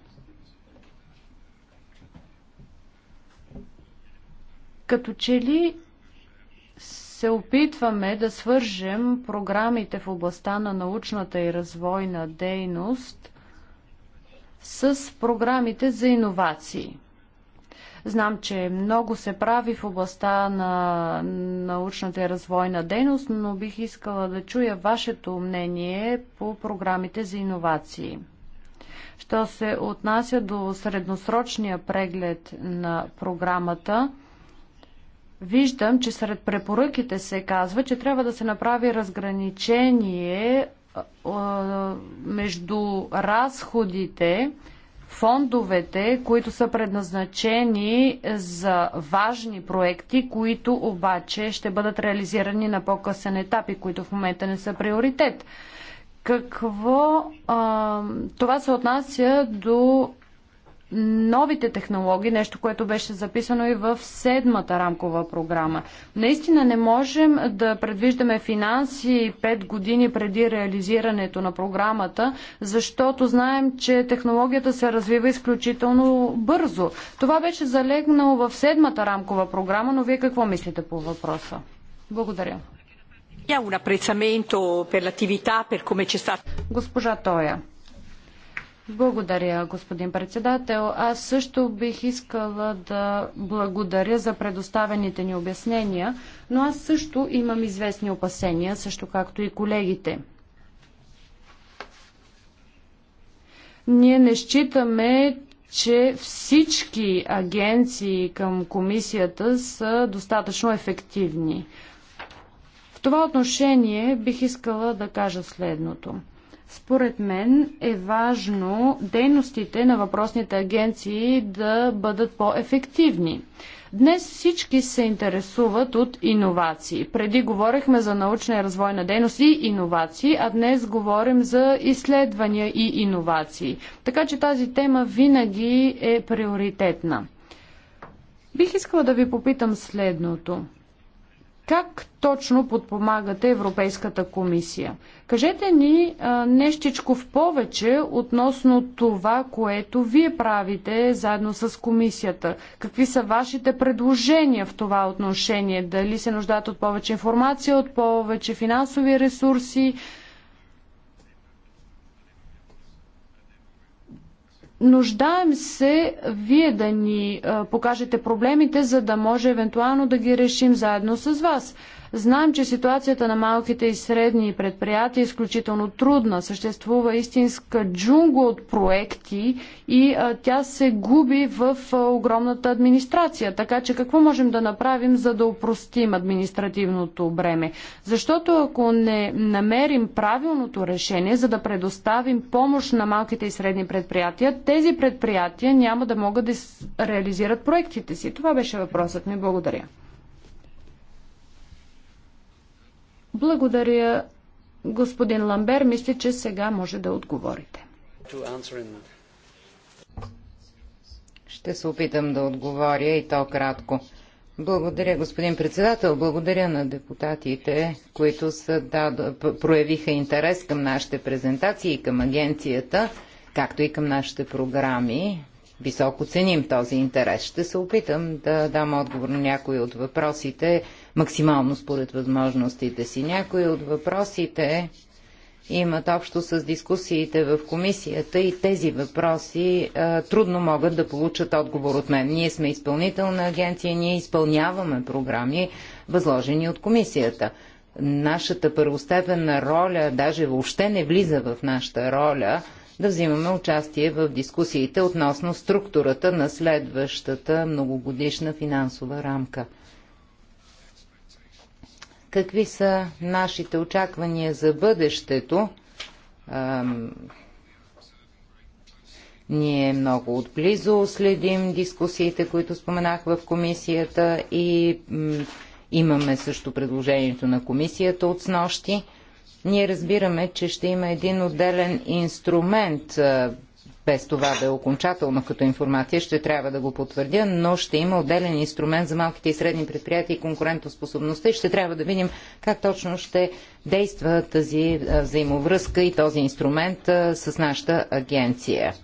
Като че ли се опитваме да свържем програмите в областта на научната и развойна дейност с програмите за иновации. Знам, че много се прави в областта на научната и развойна дейност, но бих искала да чуя вашето мнение по програмите за иновации. Що се отнася до средносрочния преглед на програмата, виждам, че сред препоръките се казва, че трябва да се направи разграничение между разходите, фондовете, които са предназначени за важни проекти, които обаче ще бъдат реализирани на по-късен етап и които в момента не са приоритет. Какво а, това се отнася до новите технологии, нещо, което беше записано и в седмата рамкова програма. Наистина не можем да предвиждаме финанси 5 години преди реализирането на програмата, защото знаем, че технологията се развива изключително бързо. Това беше залегнало в седмата рамкова програма, но вие какво мислите по въпроса? Благодаря. Госпожа Тоя. Благодаря, господин председател. Аз също бих искала да благодаря за предоставените ни обяснения, но аз също имам известни опасения, също както и колегите. Ние не считаме, че всички агенции към комисията са достатъчно ефективни. В това отношение бих искала да кажа следното. Според мен е важно дейностите на въпросните агенции да бъдат по-ефективни. Днес всички се интересуват от иновации. Преди говорихме за научна и развойна дейност и иновации, а днес говорим за изследвания и иновации. Така че тази тема винаги е приоритетна. Бих искала да ви попитам следното. Как точно подпомагате Европейската комисия? Кажете ни нещичко в повече относно това, което вие правите заедно с комисията. Какви са вашите предложения в това отношение? Дали се нуждаят от повече информация, от повече финансови ресурси? Нуждаем се вие да ни покажете проблемите, за да може евентуално да ги решим заедно с вас. Знаем, че ситуацията на малките и средни предприятия е изключително трудна. Съществува истинска джунгла от проекти и а, тя се губи в а, огромната администрация. Така че какво можем да направим, за да упростим административното бреме? Защото ако не намерим правилното решение, за да предоставим помощ на малките и средни предприятия, тези предприятия няма да могат да реализират проектите си. Това беше въпросът ми. Благодаря. Благодаря, господин Ламбер. Мисля, че сега може да отговорите. Ще се опитам да отговоря и то кратко. Благодаря, господин председател. Благодаря на депутатите, които са, да, проявиха интерес към нашите презентации и към агенцията, както и към нашите програми. Високо ценим този интерес. Ще се опитам да дам отговор на някои от въпросите, максимално според възможностите си. Някои от въпросите имат общо с дискусиите в комисията и тези въпроси а, трудно могат да получат отговор от мен. Ние сме изпълнителна агенция, ние изпълняваме програми, възложени от комисията. Нашата първостепенна роля даже въобще не влиза в нашата роля да взимаме участие в дискусиите относно структурата на следващата многогодишна финансова рамка какви са нашите очаквания за бъдещето. Ам... Ние много отблизо следим дискусиите, които споменах в комисията и имаме също предложението на комисията от снощи. Ние разбираме, че ще има един отделен инструмент без това да е окончателно като информация, ще трябва да го потвърдя, но ще има отделен инструмент за малките и средни предприятия и конкурентоспособността и ще трябва да видим как точно ще действа тази взаимовръзка и този инструмент с нашата агенция.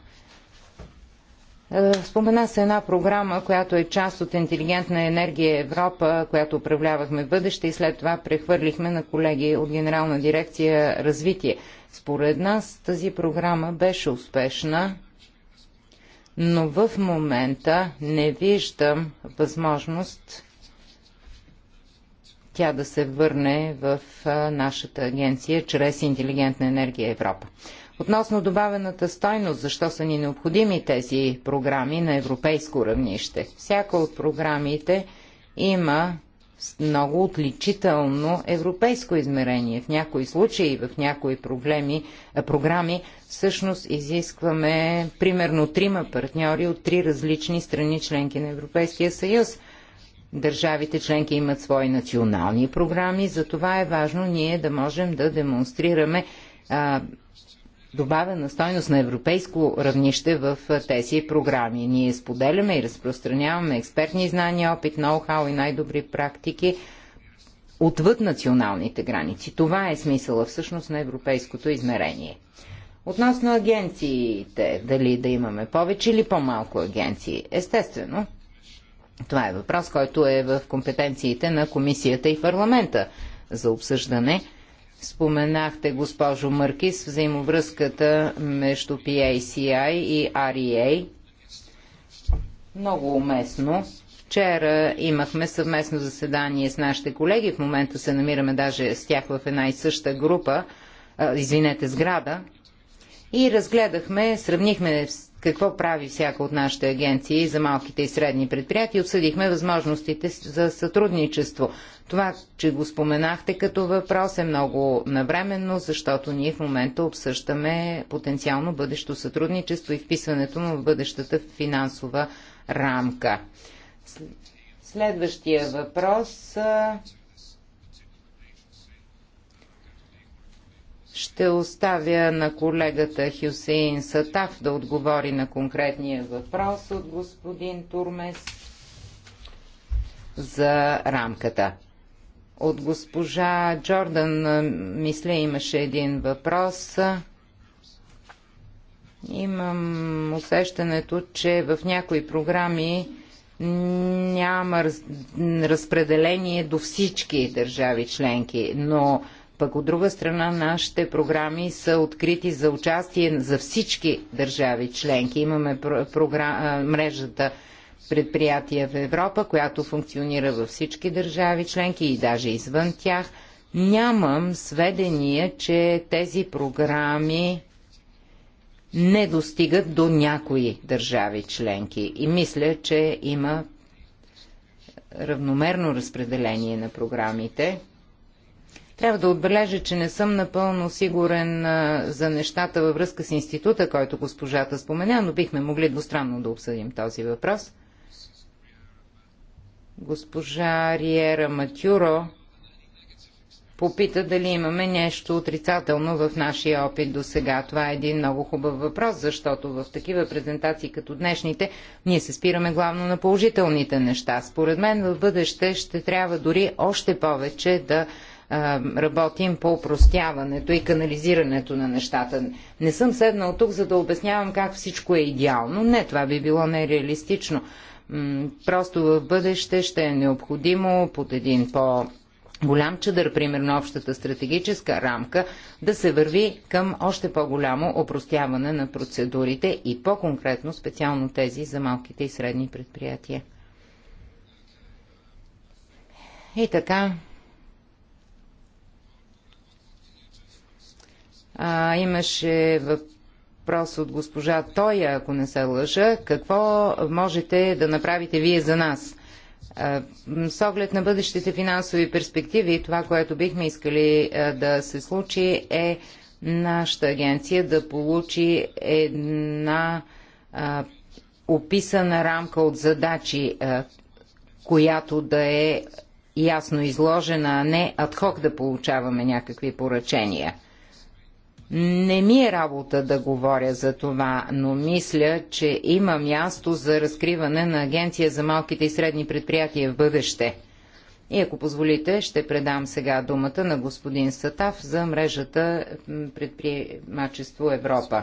Е, спомена се една програма, която е част от Интелигентна енергия Европа, която управлявахме в бъдеще и след това прехвърлихме на колеги от Генерална дирекция развитие. Според нас тази програма беше успешна, но в момента не виждам възможност тя да се върне в нашата агенция чрез Интелигентна енергия Европа. Относно добавената стойност, защо са ни необходими тези програми на европейско равнище? Всяка от програмите има много отличително европейско измерение. В някои случаи, в някои проблеми, програми, всъщност изискваме примерно трима партньори от три различни страни членки на Европейския съюз. Държавите членки имат свои национални програми, затова е важно ние да можем да демонстрираме а, добавена стойност на европейско равнище в тези програми. Ние споделяме и разпространяваме експертни знания, опит, ноу-хау и най-добри практики отвъд националните граници. Това е смисъла всъщност на европейското измерение. Относно агенциите, дали да имаме повече или по-малко агенции, естествено, това е въпрос, който е в компетенциите на комисията и парламента за обсъждане – Споменахте, госпожо Мъркис, взаимовръзката между PACI и REA. Много уместно. Вчера имахме съвместно заседание с нашите колеги. В момента се намираме даже с тях в една и съща група, извинете, сграда. И разгледахме, сравнихме какво прави всяка от нашите агенции за малките и средни предприятия. Обсъдихме възможностите за сътрудничество. Това, че го споменахте като въпрос е много навременно, защото ние в момента обсъщаме потенциално бъдещо сътрудничество и вписването му в бъдещата финансова рамка. Следващия въпрос Ще оставя на колегата Хюсеин Сатав да отговори на конкретния въпрос от господин Турмес за рамката. От госпожа Джордан, мисля, имаше един въпрос. Имам усещането, че в някои програми няма разпределение до всички държави членки, но пък от друга страна нашите програми са открити за участие за всички държави членки. Имаме програм... мрежата предприятия в Европа, която функционира във всички държави членки и даже извън тях. Нямам сведения, че тези програми не достигат до някои държави членки. И мисля, че има равномерно разпределение на програмите. Трябва да отбележа, че не съм напълно сигурен за нещата във връзка с института, който госпожата спомена, но бихме могли двустранно да обсъдим този въпрос. Госпожа Риера Матюро попита дали имаме нещо отрицателно в нашия опит до сега. Това е един много хубав въпрос, защото в такива презентации като днешните ние се спираме главно на положителните неща. Според мен в бъдеще ще трябва дори още повече да работим по упростяването и канализирането на нещата. Не съм седнал тук, за да обяснявам как всичко е идеално. Не, това би било нереалистично. Просто в бъдеще ще е необходимо под един по голям чадър, примерно общата стратегическа рамка, да се върви към още по-голямо опростяване на процедурите и по-конкретно специално тези за малките и средни предприятия. И така, А, имаше въпрос от госпожа Тоя, ако не се лъжа. Какво можете да направите вие за нас? С оглед на бъдещите финансови перспективи, това, което бихме искали да се случи е нашата агенция да получи една а, описана рамка от задачи, а, която да е ясно изложена, а не адхок да получаваме някакви поръчения. Не ми е работа да говоря за това, но мисля, че има място за разкриване на Агенция за малките и средни предприятия в бъдеще. И ако позволите, ще предам сега думата на господин Сатав за мрежата Предприемачество Европа.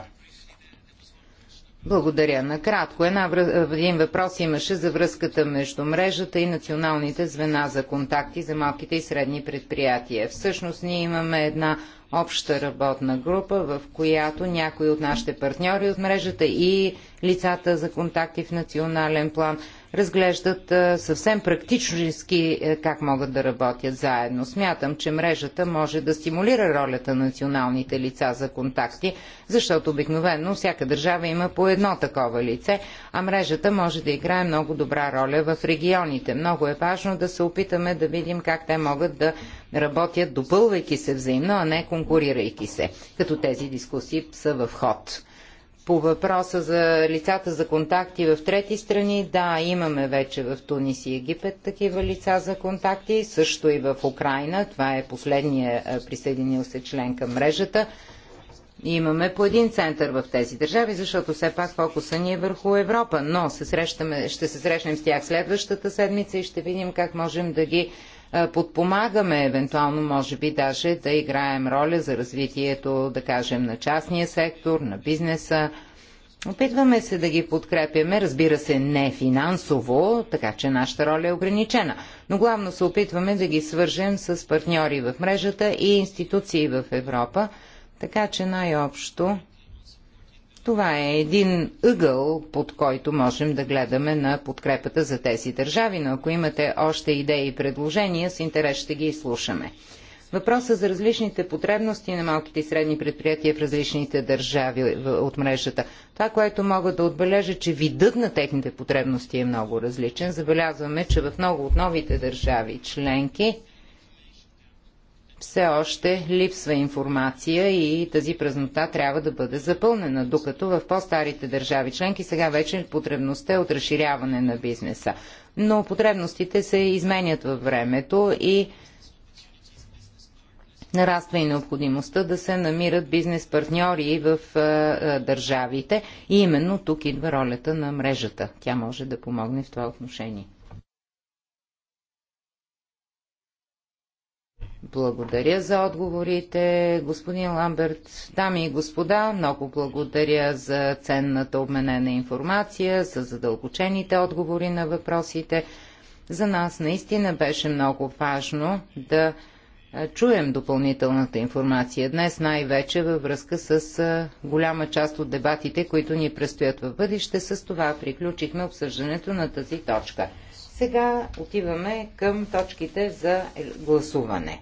Благодаря. Накратко, една, един въпрос имаше за връзката между мрежата и националните звена за контакти за малките и средни предприятия. Всъщност ние имаме една обща работна група, в която някои от нашите партньори от мрежата и лицата за контакти в национален план – разглеждат съвсем практически е, как могат да работят заедно. Смятам, че мрежата може да стимулира ролята на националните лица за контакти, защото обикновено всяка държава има по едно такова лице, а мрежата може да играе много добра роля в регионите. Много е важно да се опитаме да видим как те могат да работят, допълвайки се взаимно, а не конкурирайки се, като тези дискусии са в ход. По въпроса за лицата за контакти в трети страни, да, имаме вече в Тунис и Египет такива лица за контакти, също и в Украина, това е последния е, присъединил се член към мрежата. Имаме по един център в тези държави, защото все пак фокуса ни е върху Европа, но се срещаме, ще се срещнем с тях следващата седмица и ще видим как можем да ги подпомагаме, евентуално може би даже да играем роля за развитието, да кажем, на частния сектор, на бизнеса. Опитваме се да ги подкрепяме, разбира се, не финансово, така че нашата роля е ограничена, но главно се опитваме да ги свържем с партньори в мрежата и институции в Европа, така че най-общо това е един ъгъл, под който можем да гледаме на подкрепата за тези държави, но ако имате още идеи и предложения, с интерес ще ги изслушаме. Въпросът за различните потребности на малките и средни предприятия в различните държави от мрежата. Това, което мога да отбележа, че видът на техните потребности е много различен. Забелязваме, че в много от новите държави членки все още липсва информация и тази празнота трябва да бъде запълнена, докато в по-старите държави членки сега вече потребността е от разширяване на бизнеса. Но потребностите се изменят във времето и нараства и необходимостта да се намират бизнес партньори в държавите и именно тук идва ролята на мрежата. Тя може да помогне в това отношение. Благодаря за отговорите, господин Ламберт. Дами и господа, много благодаря за ценната обменена информация, за задълбочените отговори на въпросите. За нас наистина беше много важно да чуем допълнителната информация днес, най-вече във връзка с голяма част от дебатите, които ни предстоят в бъдеще. С това приключихме обсъждането на тази точка. Сега отиваме към точките за е, гласуване.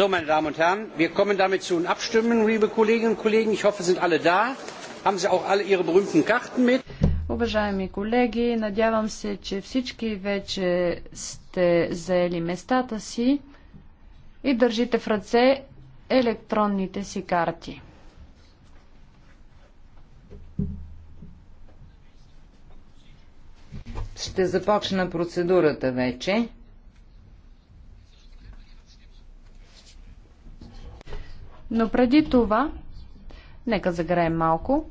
So, meine Damen und Herren, wir kommen damit zu den Abstimmungen, liebe Kolleginnen und Kollegen. Ich hoffe, sind alle da. Haben Sie auch alle Ihre berühmten Karten mit? Уважаеми колеги, надявам се, че всички вече сте заели местата си и държите в ръце електронните си карти. Ще започна процедурата вече. Но преди това, нека заграем малко.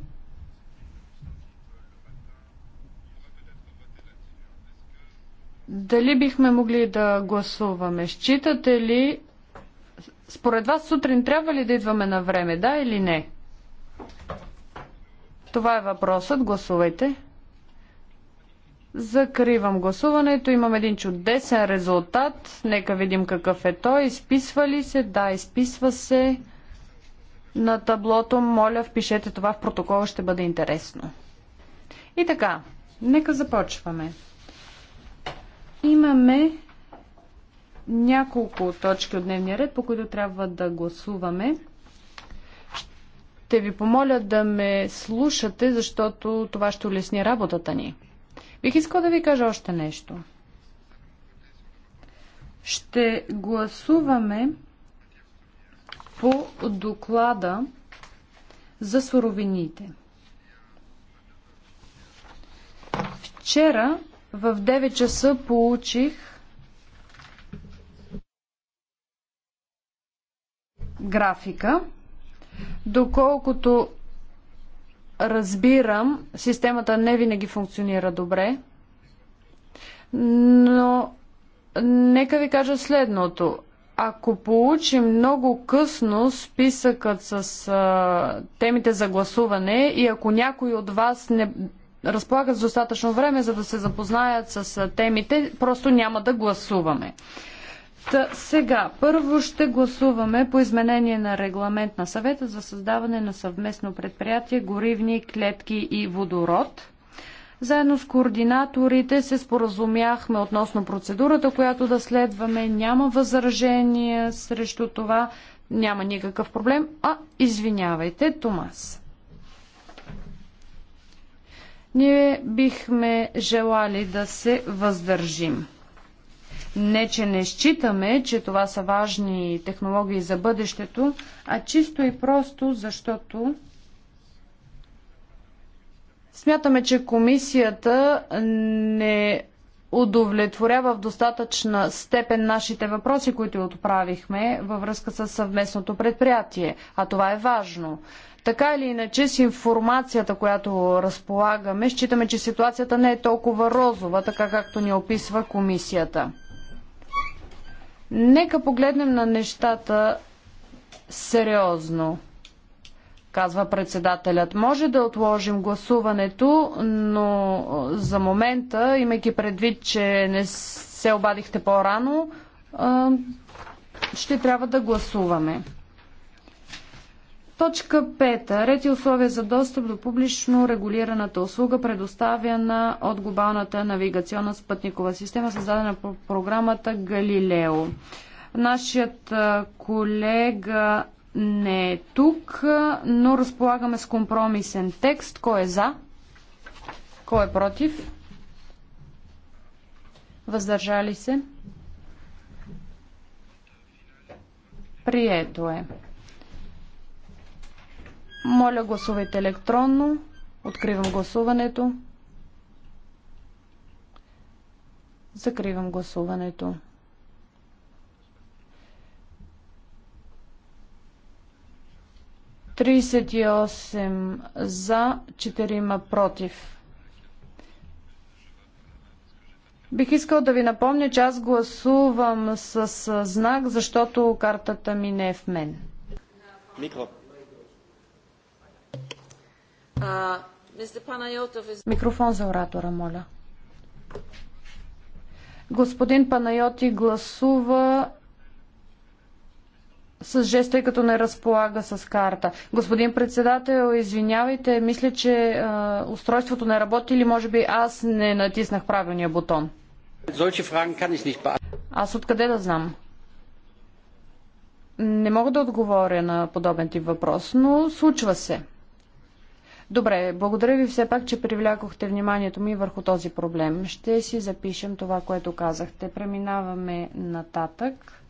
Дали бихме могли да гласуваме? Считате ли, според вас сутрин трябва ли да идваме на време, да или не? Това е въпросът. Гласувайте. Закривам гласуването. Имам един чудесен резултат. Нека видим какъв е той. Изписва ли се? Да, изписва се на таблото. Моля, впишете това в протокола, ще бъде интересно. И така, нека започваме. Имаме няколко точки от дневния ред, по които трябва да гласуваме. Ще ви помоля да ме слушате, защото това ще улесни работата ни. Бих искал да ви кажа още нещо. Ще гласуваме по доклада за суровините. Вчера в 9 часа получих графика. Доколкото разбирам, системата не винаги функционира добре, но нека ви кажа следното ако получим много късно списъкът с а, темите за гласуване и ако някой от вас не разполагат с достатъчно време, за да се запознаят с а, темите, просто няма да гласуваме. Та, сега, първо ще гласуваме по изменение на регламент на съвета за създаване на съвместно предприятие горивни клетки и водород. Заедно с координаторите се споразумяхме относно процедурата, която да следваме. Няма възражения срещу това, няма никакъв проблем. А, извинявайте, Томас. Ние бихме желали да се въздържим. Не, че не считаме, че това са важни технологии за бъдещето, а чисто и просто, защото Смятаме, че комисията не удовлетворява в достатъчна степен нашите въпроси, които отправихме във връзка с съвместното предприятие. А това е важно. Така или иначе, с информацията, която разполагаме, считаме, че ситуацията не е толкова розова, така както ни описва комисията. Нека погледнем на нещата сериозно казва председателят. Може да отложим гласуването, но за момента, имайки предвид, че не се обадихте по-рано, ще трябва да гласуваме. Точка 5. Ред и условия за достъп до публично регулираната услуга, предоставяна от глобалната навигационна спътникова система, създадена по програмата Галилео. Нашият колега не е тук, но разполагаме с компромисен текст. Кой е за? Кой е против? Въздържали се? Прието е. Моля, гласувайте електронно. Откривам гласуването. Закривам гласуването. 38 за, 4 против. Бих искал да ви напомня, че аз гласувам с знак, защото картата ми не е в мен. Микро. Микрофон за оратора, моля. Господин Панайоти гласува с жест, тъй като не разполага с карта. Господин председател, извинявайте, мисля, че а, устройството не работи или може би аз не натиснах правилния бутон. Аз откъде да знам? Не мога да отговоря на подобен тип въпрос, но случва се. Добре, благодаря ви все пак, че привлякохте вниманието ми върху този проблем. Ще си запишем това, което казахте. Преминаваме нататък.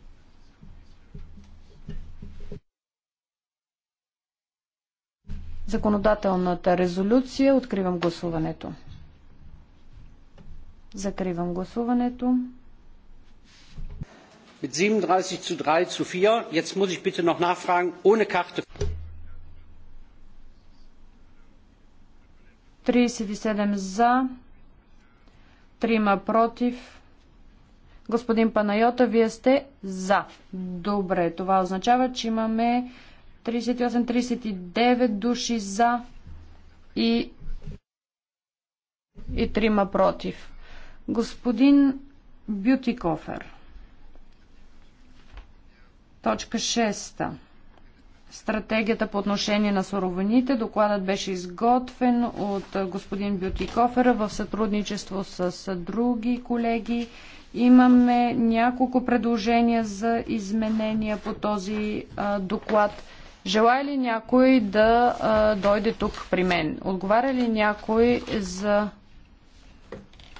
Законодателната резолюция. Откривам гласуването. Закривам гласуването. Mit 37 zu 3 zu 4. Jetzt muss ich bitte noch nachfragen, ohne Karte. 37 за, 3 против. Господин Панайота, вие сте за. Добре, това означава, че имаме 38-39 души за и, и трима против. Господин Бютикофер. Точка 6. Стратегията по отношение на суровините. Докладът беше изготвен от господин Бютикофер в сътрудничество с други колеги. Имаме няколко предложения за изменения по този доклад. Желая ли някой да а, дойде тук при мен? Отговаря ли някой за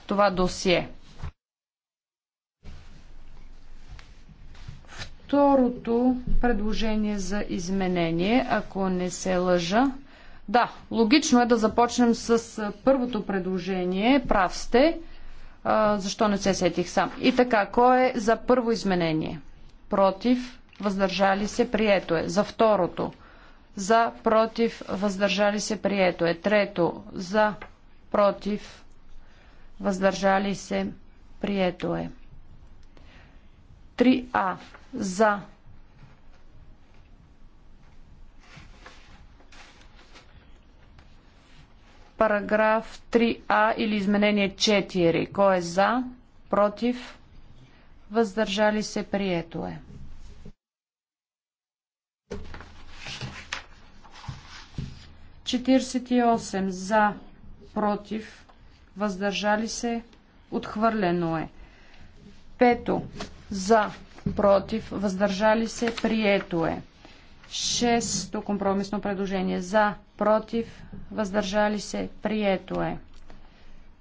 това досие? Второто предложение за изменение, ако не се лъжа. Да, логично е да започнем с първото предложение. Прав сте. А, защо не се сетих сам? И така, кой е за първо изменение? Против? въздържали се, прието е. За второто, за, против, въздържали се, прието е. Трето, за, против, въздържали се, прието е. 3А, за, параграф 3А или изменение 4. Кой е за? Против? Въздържали се? Прието е. 48 за, против, въздържали се, отхвърлено е. Пето за, против, въздържали се, прието е. Шесто компромисно предложение за, против, въздържали се, прието е.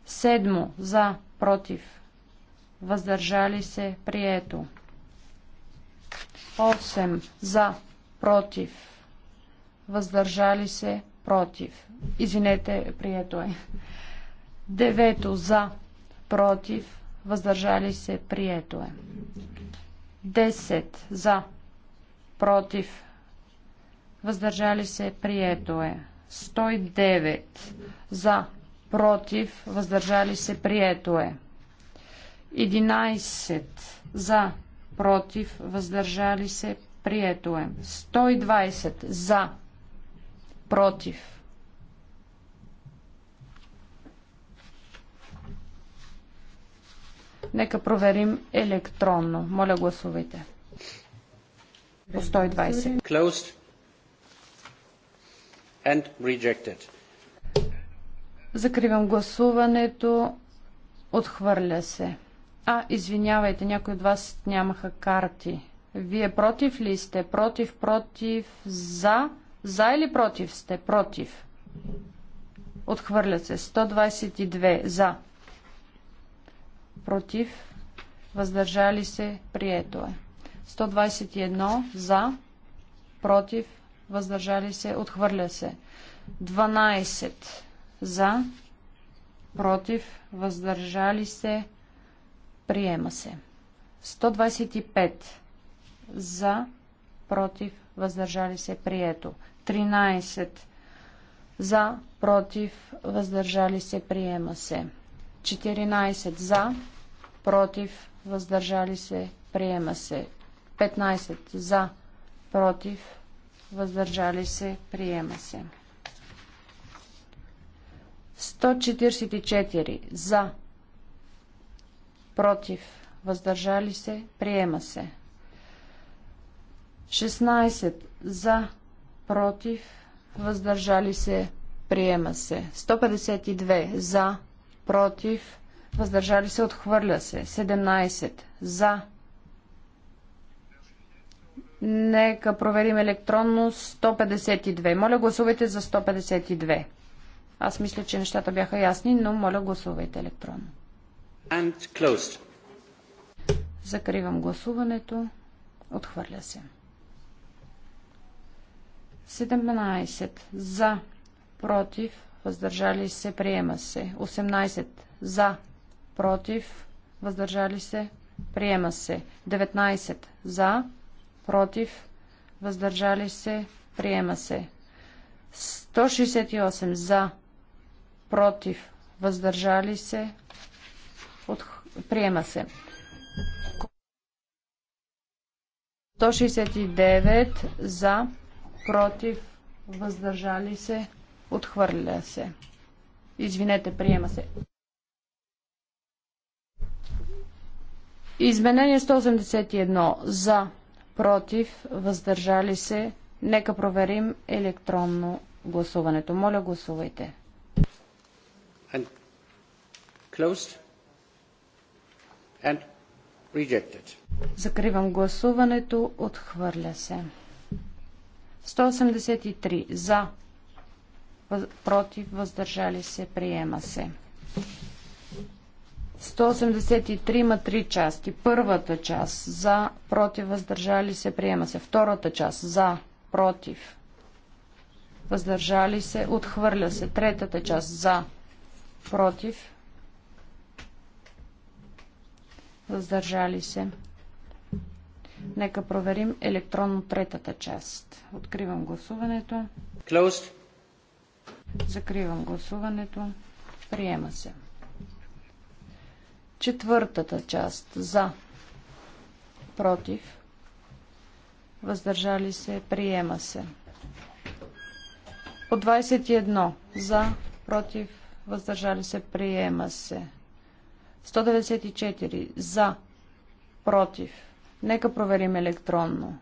Седмо за, против, въздържали се, прието. 8 за, против, въздържали се, против. Извинете, прието е. Девето за, против, въздържали се, прието е. Десет за, против, въздържали се, прието е. 109 за, против, въздържали се, прието е. 11 за, против, въздържали се, Прието е. 120 за. Против. Нека проверим електронно. Моля гласувайте. По 120. Closed and rejected. Закривам гласуването. Отхвърля се. А, извинявайте, някои от вас нямаха карти. Вие против ли сте? Против, против, за? За или против сте? Против. Отхвърля се. 122 за. Против. Въздържали се. Прието е. 121 за. Против. Въздържали се. Отхвърля се. 12 за. Против. Въздържали се. Приема се. 125 за, против, въздържали се, прието. 13 за, против, въздържали се, приема се. 14 за, против, въздържали се, приема се. 15 за, против, въздържали се, приема се. 144 за, против, въздържали се, приема се. 16 за, против, въздържали се, приема се. 152 за, против, въздържали се, отхвърля се. 17 за. Нека проверим електронно 152. Моля гласувайте за 152. Аз мисля, че нещата бяха ясни, но моля гласувайте електронно. Закривам гласуването. Отхвърля се. 17 за, против, въздържали се, приема се. 18 за, против, въздържали се, приема се. 19 за, против, въздържали се, приема се. 168 за, против, въздържали се, от... приема се. 169 за, против, въздържали се, отхвърля се. Извинете, приема се. Изменение 181 за, против, въздържали се. Нека проверим електронно гласуването. Моля, гласувайте. And closed. And rejected. Закривам гласуването. Отхвърля се. 183 за, против, въздържали се, приема се. 183 има три части. Първата част за, против, въздържали се, приема се. Втората част за, против, въздържали се, отхвърля се. Третата част за, против, въздържали се, Нека проверим електронно третата част. Откривам гласуването. Closed. Закривам гласуването. Приема се. Четвъртата част. За. Против. Въздържали се. Приема се. По 21. За. Против. Въздържали се. Приема се. 194. За. Против Нека проверим електронно.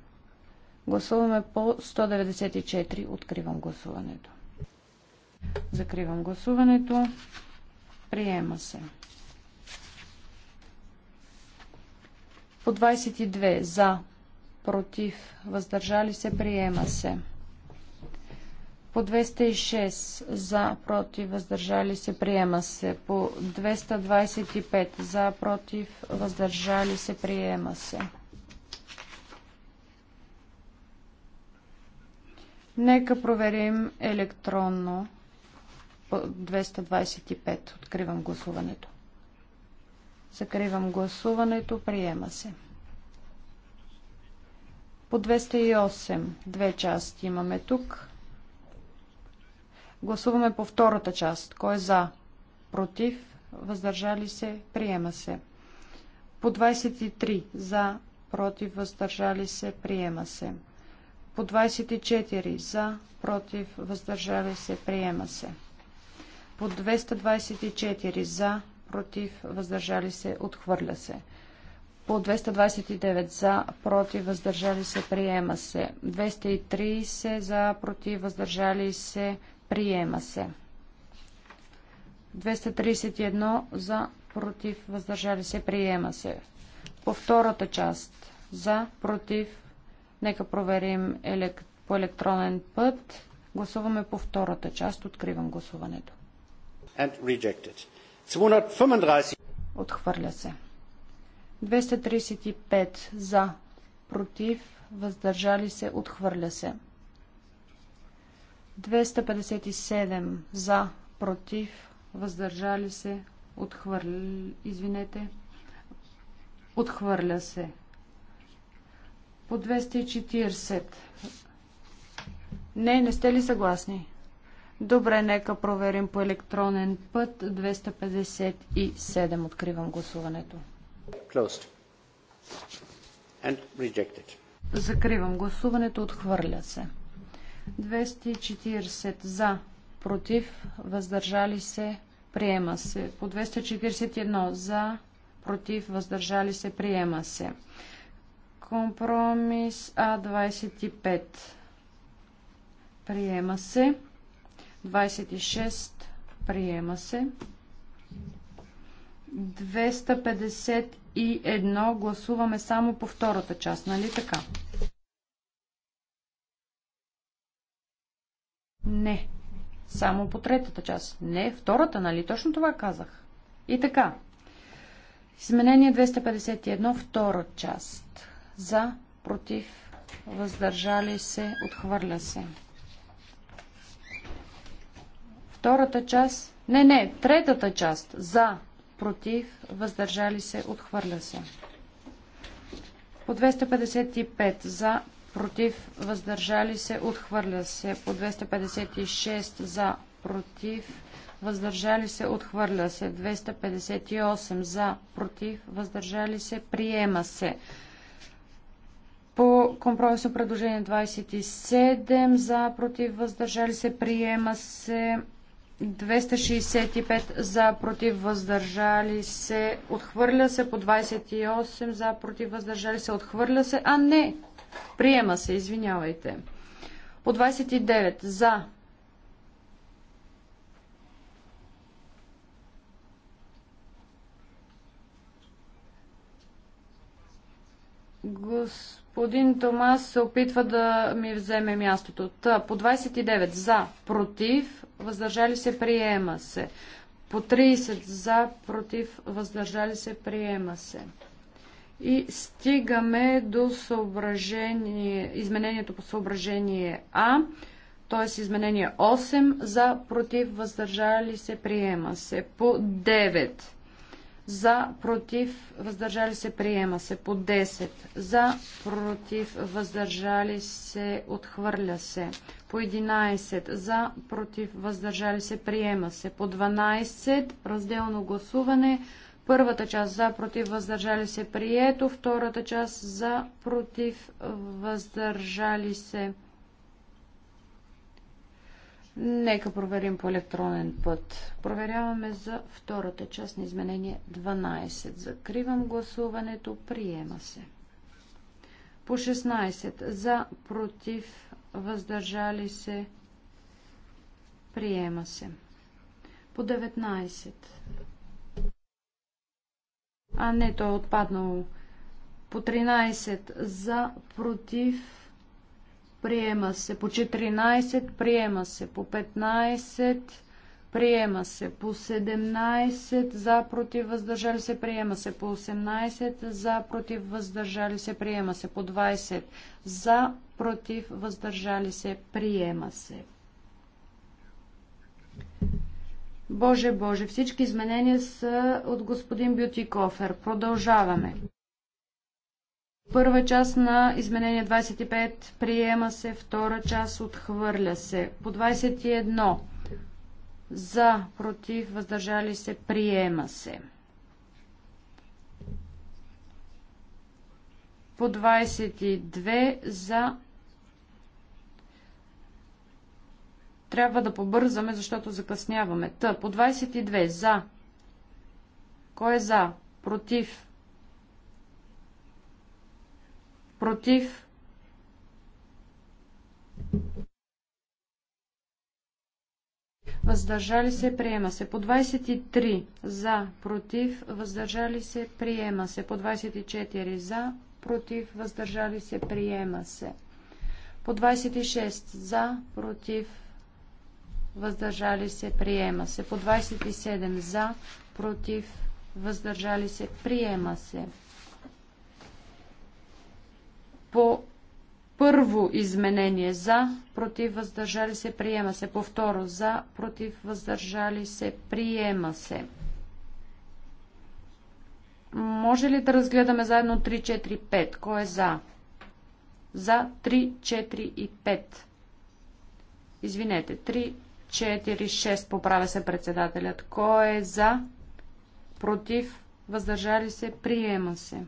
Гласуваме по 194. Откривам гласуването. Закривам гласуването. Приема се. По 22 за, против, въздържали се, приема се. По 206 за, против, въздържали се, приема се. По 225 за, против, въздържали се, приема се. Нека проверим електронно 225. Откривам гласуването. Закривам гласуването. Приема се. По 208. Две части имаме тук. Гласуваме по втората част. Кой е за? Против? Въздържали се? Приема се. По 23. За? Против? Въздържали се? Приема се. По 24 за, против, въздържали се, приема се. По 224 за, против, въздържали се, отхвърля се. По 229 за, против, въздържали се, приема се. 230 за, против, въздържали се, приема се. 231 за, против, въздържали се, приема се. По втората част за, против, Нека проверим елек... по електронен път. Гласуваме по втората част. Откривам гласуването. And rejected. 235. Отхвърля се. 235 за, против, въздържали се, отхвърля се. 257 за, против, въздържали се, отхвърля, извинете, отхвърля се. По 240. Не, не сте ли съгласни? Добре, нека проверим по електронен път. 257 откривам гласуването. Closed. And rejected. Закривам гласуването, отхвърля се. 240 за, против, въздържали се, приема се. По 241 за, против, въздържали се, приема се. Компромис А25. Приема се. 26. Приема се. 251. Гласуваме само по втората част, нали така? Не. Само по третата част. Не, втората, нали? Точно това казах. И така. Изменение 251, втора част за, против, въздържали се, отхвърля се. Втората част, не, не, третата част, за, против, въздържали се, отхвърля се. По 255 за, против, въздържали се, отхвърля се. По 256 за, против, въздържали се, отхвърля се. 258 за, против, въздържали се, приема се. По компромисно предложение 27 за, против, въздържали се, приема се 265 за, против, въздържали се, отхвърля се, по 28 за, против, въздържали се, отхвърля се, а не, приема се, извинявайте. По 29 за, Господин Господин Томас се опитва да ми вземе мястото. Та, по 29 за, против, въздържали се, приема се. По 30 за, против, въздържали се, приема се. И стигаме до съображение, изменението по съображение А, т.е. изменение 8 за, против, въздържали се, приема се. По 9 за, против, въздържали се, приема се. По 10 за, против, въздържали се, отхвърля се. По 11 за, против, въздържали се, приема се. По 12 разделно гласуване. Първата част за, против, въздържали се, прието. Втората част за, против, въздържали се, приема се. Нека проверим по електронен път. Проверяваме за втората част на изменение 12. Закривам гласуването. Приема се. По 16. За, против, въздържали се. Приема се. По 19. А не, то е отпаднало. По 13. За, против, приема се. По 14, приема се. По 15, приема се. По 17, за, против, въздържали се, приема се. По 18, за, против, въздържали се, приема се. По 20, за, против, въздържали се, приема се. Боже, Боже, всички изменения са от господин Бютикофер. Продължаваме. Първа част на изменение 25 приема се, втора част отхвърля се. По 21 за, против, въздържали се, приема се. По 22 за. Трябва да побързаме, защото закъсняваме. Т. по 22 за. Кой е за? Против, против, въздържали се, приема се. По 23 за, против, въздържали се, приема се. По 24 за, против, въздържали се, приема се. По 26 за, против, въздържали се, приема се. По 27 за, против, въздържали се, приема се по първо изменение за, против, въздържали се, приема се. По второ за, против, въздържали се, приема се. Може ли да разгледаме заедно 3, 4, 5? Кой е за? За 3, 4 и 5. Извинете, 3, 4, 6 поправя се председателят. Кой е за? Против, въздържали се, приема се.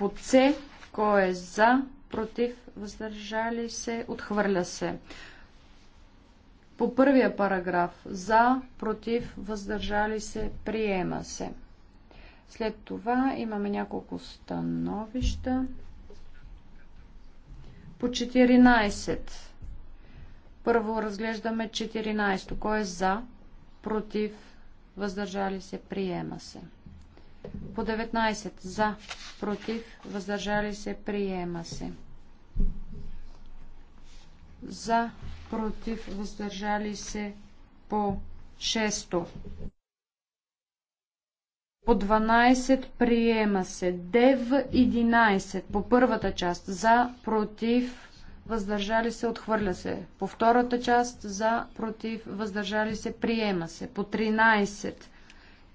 По С, кой е за, против, въздържали се, отхвърля се. По първия параграф за, против, въздържали се, приема се. След това имаме няколко становища. По 14. Първо разглеждаме 14. Кой е за, против, въздържали се, приема се. По 19 за, против, въздържали се, приема се. За, против, въздържали се по 6. По 12 приема се. Дев 11 по първата част. За, против, въздържали се, отхвърля се. По втората част. За, против, въздържали се, приема се. По 13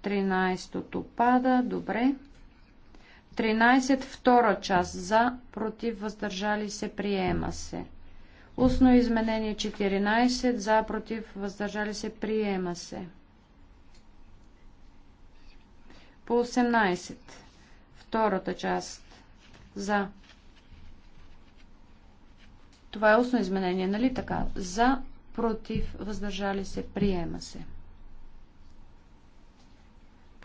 13-то пада, добре. 13 втора част за, против, въздържали се, приема се. Устно изменение 14 за, против, въздържали се, приема се. По 18 втората част за. Това е устно изменение, нали така? За, против, въздържали се, приема се.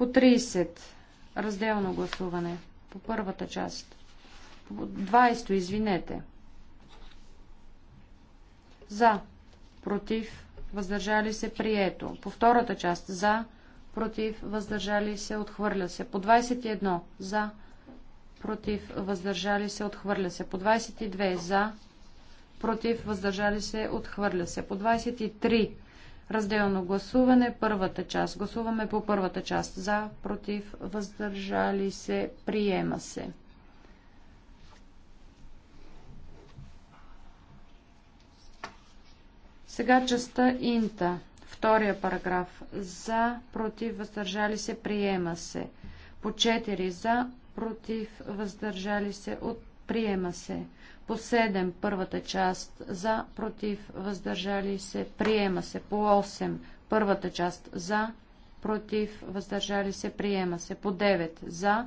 По 30. Разделно гласуване. По първата част. По 20, извинете. За. Против. Въздържали се. Прието. По втората част. За. Против. Въздържали се. Отхвърля се. По 21. За. Против. Въздържали се. Отхвърля се. По 22. За. Против. Въздържали се. Отхвърля се. По 23 Разделно гласуване, първата част. Гласуваме по първата част. За, против, въздържали се, приема се. Сега частта Инта. Втория параграф. За, против, въздържали се, приема се. По 4 за, против, въздържали се, от, приема се. По 7 първата част за, против, въздържали се, приема се. По 8 първата част за, против, въздържали се, приема се. По 9 за,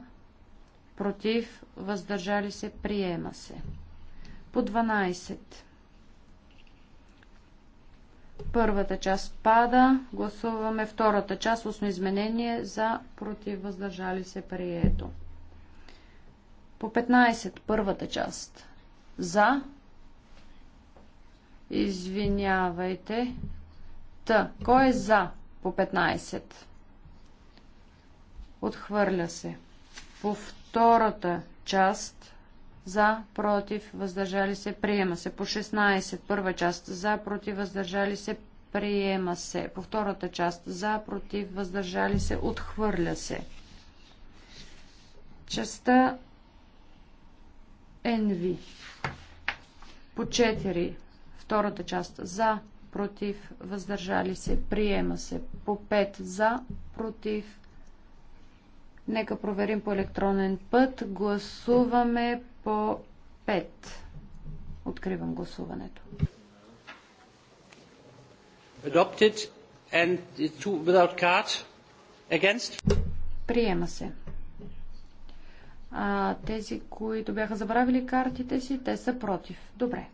против, въздържали се, приема се. По 12. Първата част пада. Гласуваме втората част. Осно изменение за против въздържали се прието. По 15. Първата част. За. Извинявайте. Т, Кой е за по 15? Отхвърля се. По втората част за, против, въздържали се, приема се. По 16, първа част, за, против, въздържали се, приема се. По втората част, за, против, въздържали се, отхвърля се. Частта NV. По 4. Втората част. За, против, въздържали се, приема се. По 5. За, против. Нека проверим по електронен път. Гласуваме по 5. Откривам гласуването. Adopted and without card. Against. Приема се. А, тези, които бяха забравили картите си, те са против. Добре.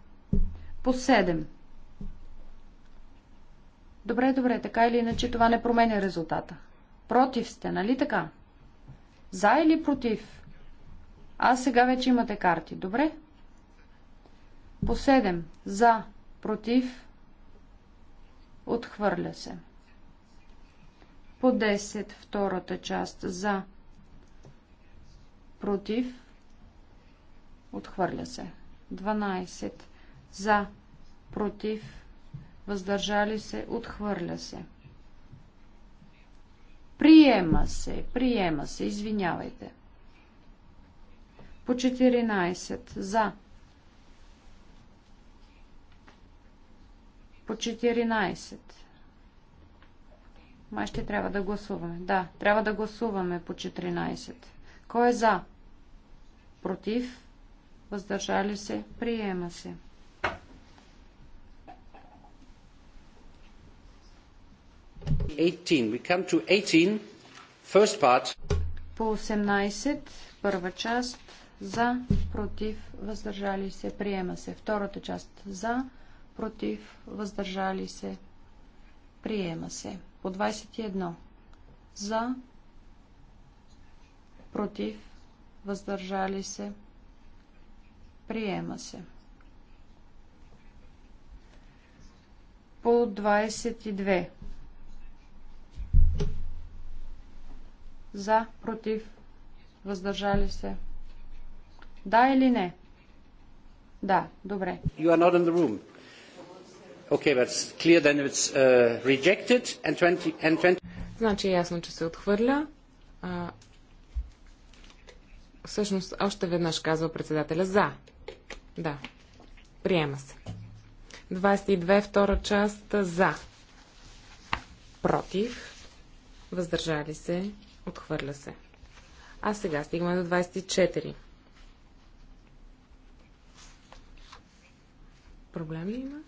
По 7. Добре, добре, така или иначе това не променя резултата. Против сте, нали така? За или против? А сега вече имате карти, добре? По 7. За, против, отхвърля се. По 10. Втората част. За, против, отхвърля се. 12 за, против, въздържали се, отхвърля се. Приема се, приема се, извинявайте. По 14 за. По 14. Май ще трябва да гласуваме. Да, трябва да гласуваме по 14. Кой е за? Против? Въздържали се? Приема се. We come to 18. First part. По 18, първа част, за, против, въздържали се, приема се. Втората част, за, против, въздържали се, приема се. По 21, за, против, въздържали се, приема се. По 22. За, против, въздържали се. Да или не? Да, добре. You are not in the room. Okay, but it's clear then it's uh, rejected and 20 and 20 Значи е ясно, че се отхвърля. А, Всъщност, още веднъж казва председателя за. Да. Приема се. 22, втора част за. Против. Въздържали се. Отхвърля се. А сега стигаме до 24. Проблем ли има?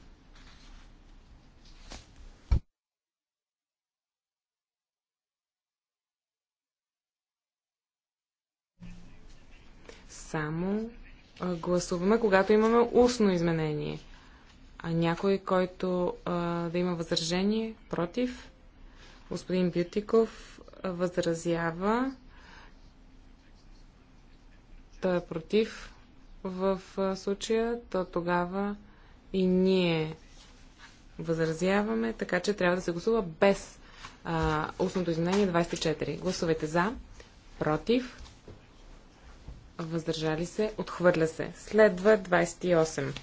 само гласуваме, когато имаме устно изменение. А някой, който а, да има възражение против, господин Бютиков възразява. Той е против в случая, то тогава и ние възразяваме, така че трябва да се гласува без а, устното изменение 24. Гласовете за, против, въздържали се, отхвърля се. Следва 28.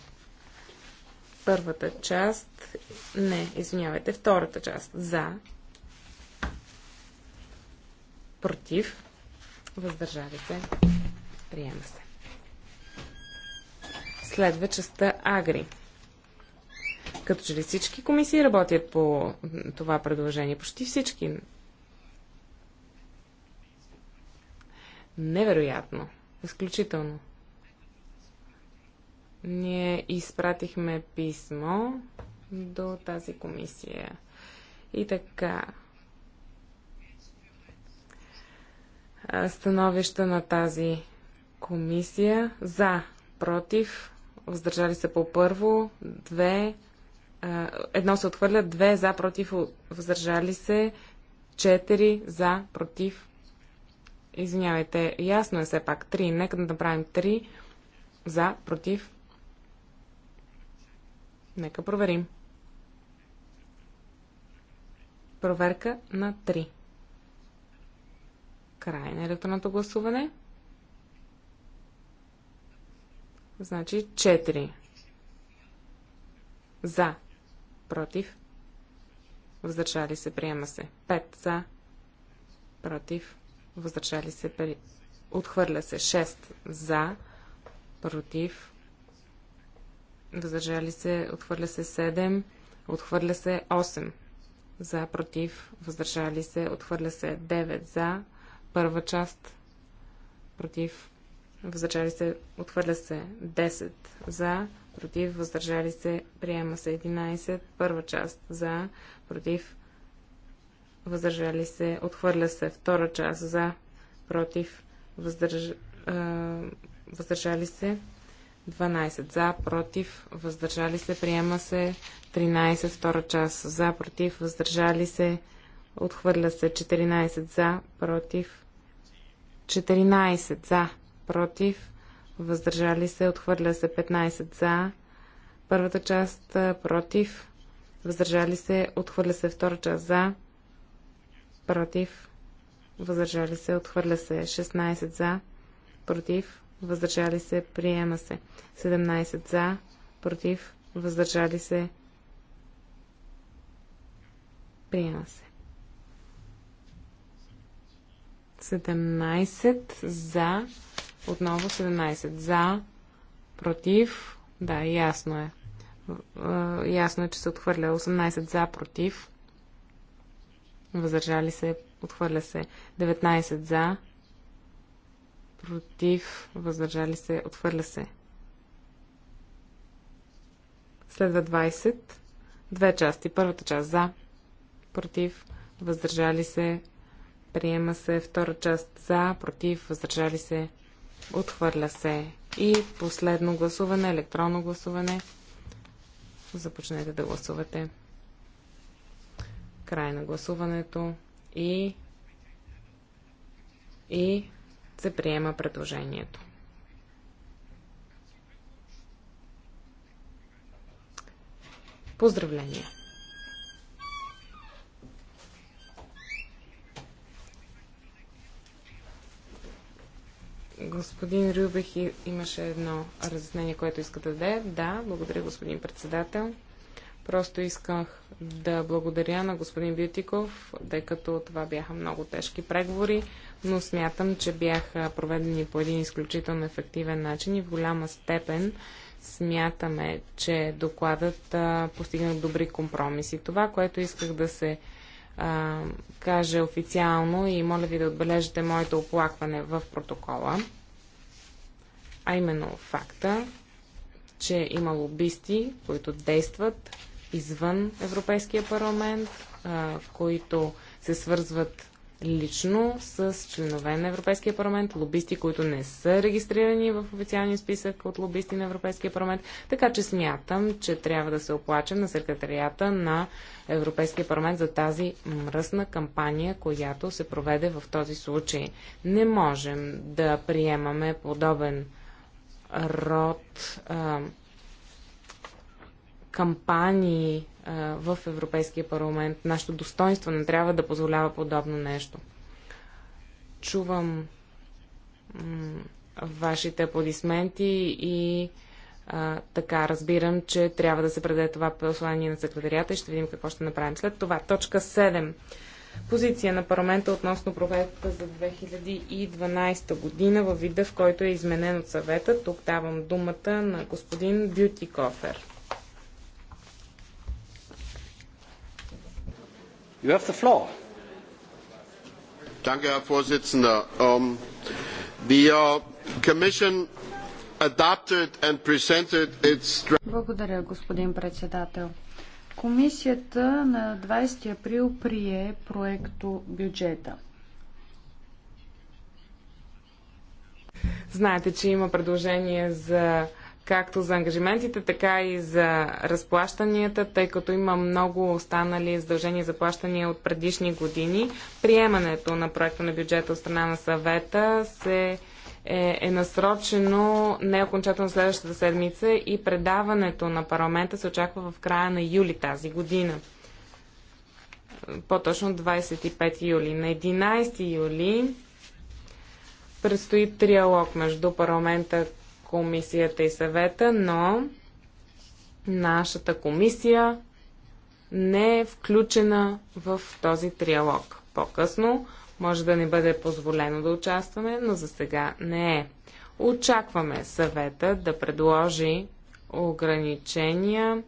Първата част, не, извинявайте, втората част, за, против, въздържали се, приема се. Следва частта Агри. Като че ли всички комисии работят по това предложение? Почти всички. Невероятно. Изключително. Ние изпратихме писмо до тази комисия. И така. Становища на тази комисия за, против, въздържали се по първо, две, едно се отхвърля, две за, против, въздържали се, четири за, против, Извинявайте, ясно е все пак. 3. Нека да направим 3 за, против. Нека проверим. Проверка на 3. Край на електронното гласуване. Значи 4. За. Против. Въздържали се. Приема се. 5 за. Против въздържали се, при... отхвърля се 6 за, против, въздържали се, отхвърля се 7, отхвърля се 8 за, против, въздържали се, отхвърля се 9 за, първа част, против, въздържали се, отхвърля се 10 за, против, въздържали се, приема се 11, първа част за, против, въздържали се, отхвърля се. Втора част за, против, въздърж... въздържали се, 12 за, против, въздържали се, приема се 13 втора част за, против, въздържали се, отхвърля се 14 за, против, 14 за, против, въздържали се, отхвърля се 15 за, първата част против, въздържали се, отхвърля се втора част за, против, въздържали се, отхвърля се. 16 за, против, въздържали се, приема се. 17 за, против, въздържали се, приема се. 17 за, отново 17 за, против, да, ясно е. е. Ясно е, че се отхвърля 18 за, против, въздържали се, отхвърля се. 19 за, против, въздържали се, отхвърля се. Следва 20. Две части. Първата част за, против, въздържали се, приема се. Втора част за, против, въздържали се, отхвърля се. И последно гласуване, електронно гласуване. Започнете да гласувате. Край на гласуването и, и се приема предложението. Поздравления! господин Рюбех имаше едно разяснение, което иска да даде. Да, благодаря, господин председател. Просто исках да благодаря на господин Бютиков, тъй като това бяха много тежки преговори, но смятам, че бяха проведени по един изключително ефективен начин и в голяма степен смятаме, че докладът постигна добри компромиси. Това, което исках да се а, каже официално и моля ви да отбележите моето оплакване в протокола, а именно факта, че има лобисти, които действат извън Европейския парламент, а, които се свързват лично с членове на Европейския парламент, лобисти, които не са регистрирани в официалния списък от лобисти на Европейския парламент. Така че смятам, че трябва да се оплачем на секретарията на Европейския парламент за тази мръсна кампания, която се проведе в този случай. Не можем да приемаме подобен род. А, кампании в Европейския парламент. Нашето достоинство не трябва да позволява подобно нещо. Чувам вашите аплодисменти и а, така разбирам, че трябва да се предаде това послание на секретарията и ще видим какво ще направим. След това, точка 7. Позиция на парламента относно проверката за 2012 година във вида, в който е изменен от съвета. Тук давам думата на господин Бюти Кофер. herr präsident! Um, the uh, commission adopted and presented its. Благодаря, господин председател. Комисията на 20 април прие проекто бюджета. Знаете, че има предложение за както за ангажиментите, така и за разплащанията, тъй като има много останали задължения за плащания от предишни години. Приемането на проекта на бюджета от страна на съвета се е, е насрочено не окончателно следващата седмица и предаването на парламента се очаква в края на юли тази година. По-точно 25 юли. На 11 юли предстои триалог между парламента, комисията и съвета, но нашата комисия не е включена в този триалог. По-късно може да ни бъде позволено да участваме, но за сега не е. Очакваме съвета да предложи ограничения,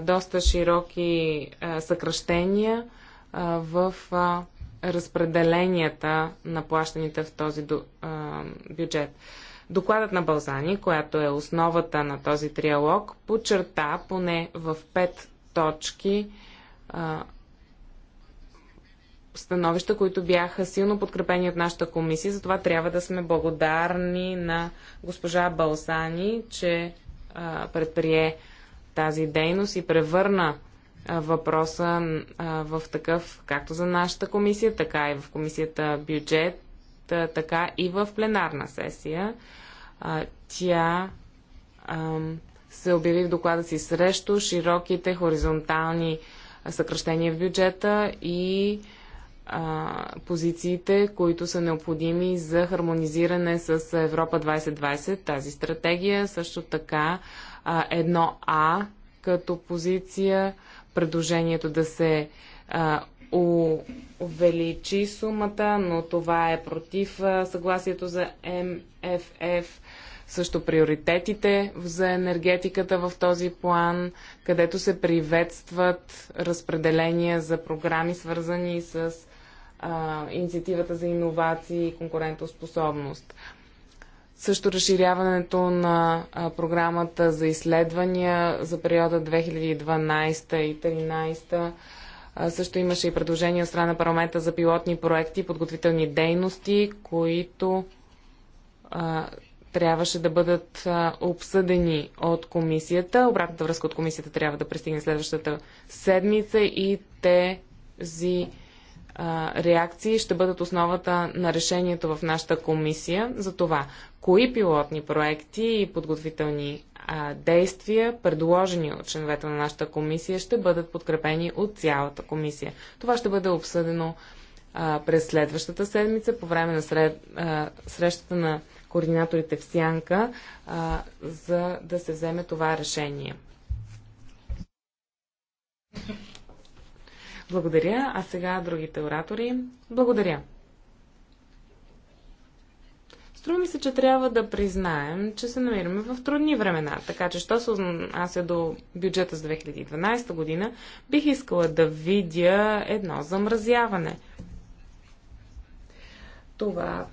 доста широки съкръщения в разпределенията на плащаните в този бюджет. Докладът на Балзани, която е основата на този триалог, подчерта поне в пет точки а, становища, които бяха силно подкрепени от нашата комисия. Затова трябва да сме благодарни на госпожа Балсани, че а, предприе тази дейност и превърна въпроса а, в такъв, както за нашата комисия, така и в комисията бюджет, а, така и в пленарна сесия а, тя а, се обяви в доклада си срещу широките хоризонтални съкръщения в бюджета и а, позициите, които са необходими за хармонизиране с Европа 2020, тази стратегия. Също така а, едно А като позиция, предложението да се а, увеличи сумата, но това е против съгласието за МФФ също приоритетите за енергетиката в този план, където се приветстват разпределения за програми, свързани с а, инициативата за иновации и конкурентоспособност. Също разширяването на а, програмата за изследвания за периода 2012 и 2013 също имаше и предложение от страна на парламента за пилотни проекти, подготвителни дейности, които а, трябваше да бъдат а, обсъдени от комисията. Обратната връзка от комисията трябва да пристигне следващата седмица и тези а, реакции ще бъдат основата на решението в нашата комисия за това кои пилотни проекти и подготвителни а, действия, предложени от членовете на нашата комисия, ще бъдат подкрепени от цялата комисия. Това ще бъде обсъдено през следващата седмица по време на сред, срещата на координаторите в Сянка, а, за да се вземе това решение. Благодаря. А сега другите оратори. Благодаря. Струва ми се, че трябва да признаем, че се намираме в трудни времена. Така че, що се отнася до бюджета за 2012 година, бих искала да видя едно замразяване. Това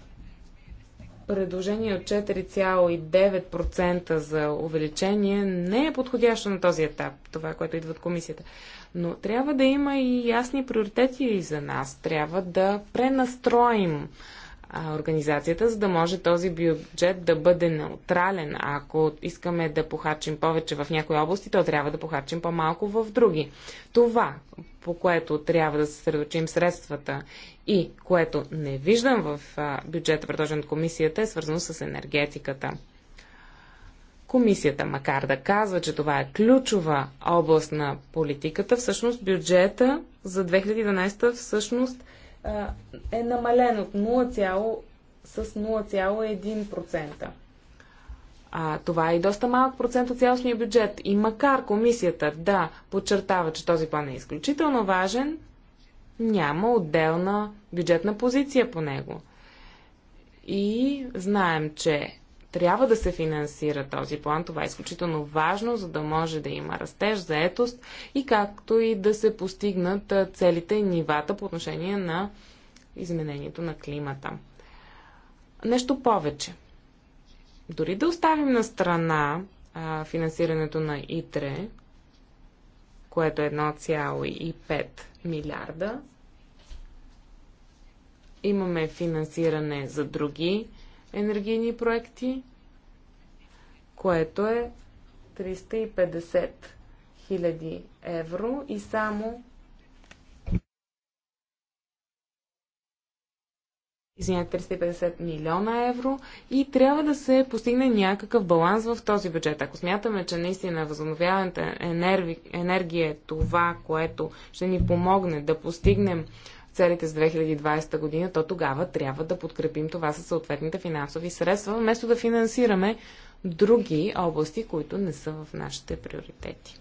предложение от 4,9% за увеличение не е подходящо на този етап, това, което идва от комисията. Но трябва да има и ясни приоритети за нас. Трябва да пренастроим организацията, за да може този бюджет да бъде неутрален. А ако искаме да похарчим повече в някои области, то трябва да похарчим по-малко в други. Това, по което трябва да се съсредоточим средствата и което не виждам в бюджета, предложен от комисията, е свързано с енергетиката. Комисията, макар да казва, че това е ключова област на политиката, всъщност бюджета за 2012 всъщност е намален от 0, с 0,1%. А, това е и доста малък процент от цялостния бюджет. И макар комисията да подчертава, че този план е изключително важен, няма отделна бюджетна позиция по него. И знаем, че трябва да се финансира този план. Това е изключително важно, за да може да има растеж, заетост и както и да се постигнат целите и нивата по отношение на изменението на климата. Нещо повече. Дори да оставим на страна а, финансирането на ИТРЕ, което е 1,5 милиарда, имаме финансиране за други енергийни проекти, което е 350 000 евро и само извинете, 350 милиона евро и трябва да се постигне някакъв баланс в този бюджет. Ако смятаме, че наистина възобновяваната енергия е това, което ще ни помогне да постигнем целите за 2020 година, то тогава трябва да подкрепим това със съответните финансови средства, вместо да финансираме други области, които не са в нашите приоритети.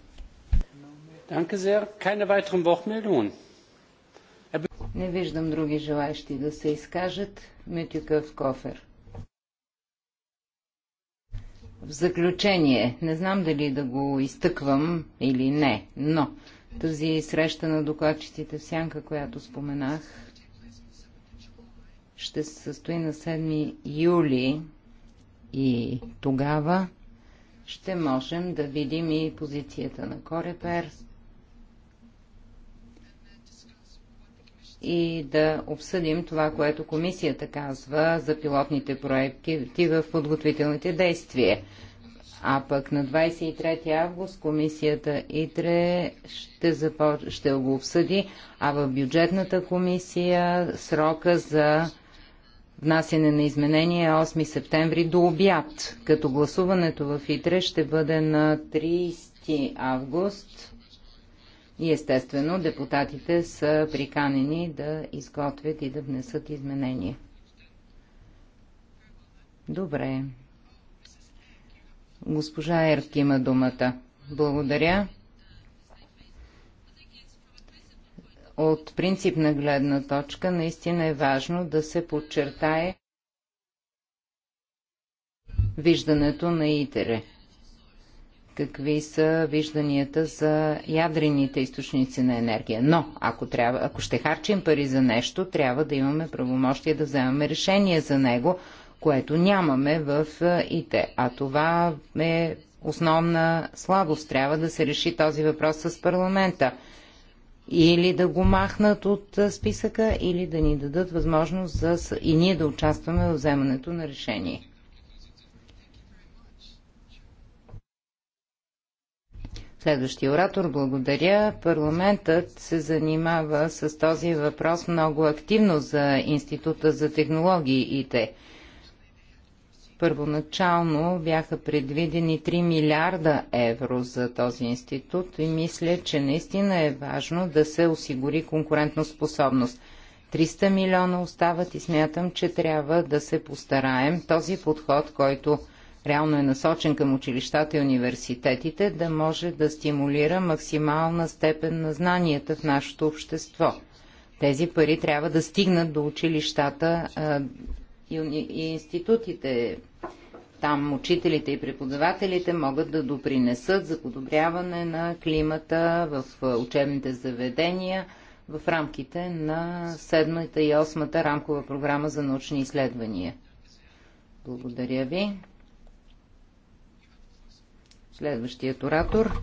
Er не виждам други желаящи да се изкажат. Митюкъв кофер. В заключение, не знам дали да го изтъквам или не, но тази среща на докладчиците в Сянка, която споменах, ще се състои на 7 юли и тогава ще можем да видим и позицията на Корепер и да обсъдим това, което комисията казва за пилотните проекти в подготвителните действия. А пък на 23 август комисията ИТРЕ ще, запор... ще го обсъди, а в бюджетната комисия срока за внасяне на изменения е 8 септември до обяд, като гласуването в ИТРЕ ще бъде на 30 август. И естествено депутатите са приканени да изготвят и да внесат изменения. Добре. Госпожа Ерк има думата. Благодаря. От принципна гледна точка наистина е важно да се подчертае виждането на ИТЕРЕ. Какви са вижданията за ядрените източници на енергия. Но, ако, трябва, ако ще харчим пари за нещо, трябва да имаме правомощие да вземаме решение за него, което нямаме в ИТЕ. А това е основна слабост. Трябва да се реши този въпрос с парламента. Или да го махнат от списъка, или да ни дадат възможност за... и ние да участваме в вземането на решение. Следващия оратор, благодаря. Парламентът се занимава с този въпрос много активно за Института за технологии те. Първоначално бяха предвидени 3 милиарда евро за този институт и мисля, че наистина е важно да се осигури способност. 300 милиона остават и смятам, че трябва да се постараем този подход, който реално е насочен към училищата и университетите, да може да стимулира максимална степен на знанията в нашето общество. Тези пари трябва да стигнат до училищата и институтите. Там учителите и преподавателите могат да допринесат за подобряване на климата в учебните заведения в рамките на 7-та и 8-та рамкова програма за научни изследвания. Благодаря ви. Следващият оратор.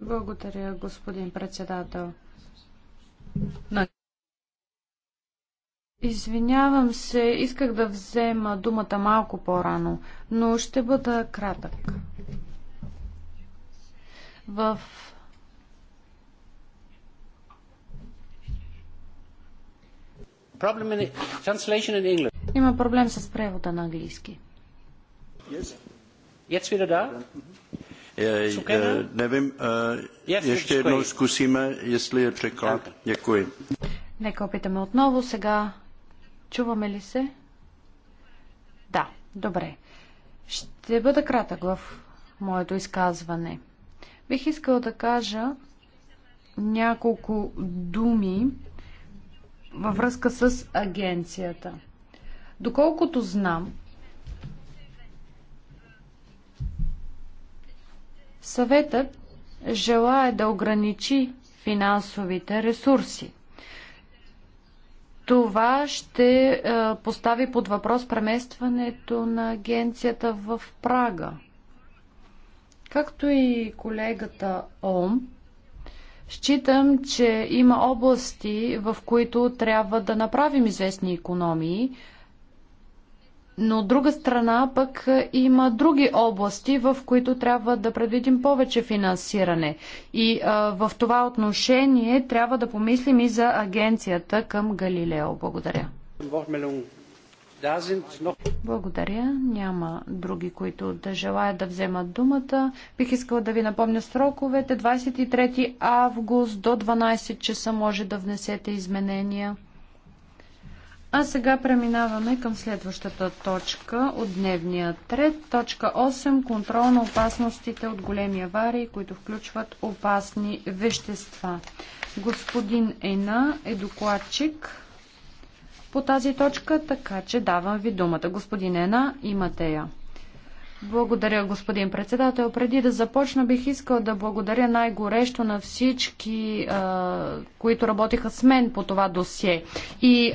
Благодаря, господин председател. Извинявам се, исках да взема думата малко по-рано, но ще бъда кратък. В Има проблем с превода на английски. Nevím, ještě jednou zkusíme, jestli je překlad. Děkuji. Нека опитаме отново. Сега Чуваме ли се? Да, добре. Ще бъда кратък в моето изказване. Бих искала да кажа няколко думи във връзка с агенцията. Доколкото знам, съветът желая да ограничи финансовите ресурси – това ще е, постави под въпрос преместването на агенцията в Прага. Както и колегата Ом, считам, че има области, в които трябва да направим известни економии, но от друга страна пък е, има други области, в които трябва да предвидим повече финансиране. И а, е, в това отношение трябва да помислим и за агенцията към Галилео. Благодаря. Благодаря. Няма други, които да желаят да вземат думата. Бих искала да ви напомня сроковете. 23 август до 12 часа може да внесете изменения. А сега преминаваме към следващата точка от дневния ред. Точка 8. Контрол на опасностите от големи аварии, които включват опасни вещества. Господин Ена е докладчик по тази точка, така че давам ви думата. Господин Ена, имате я. Благодаря, господин председател. Преди да започна, бих искал да благодаря най-горещо на всички, а, които работиха с мен по това досие. И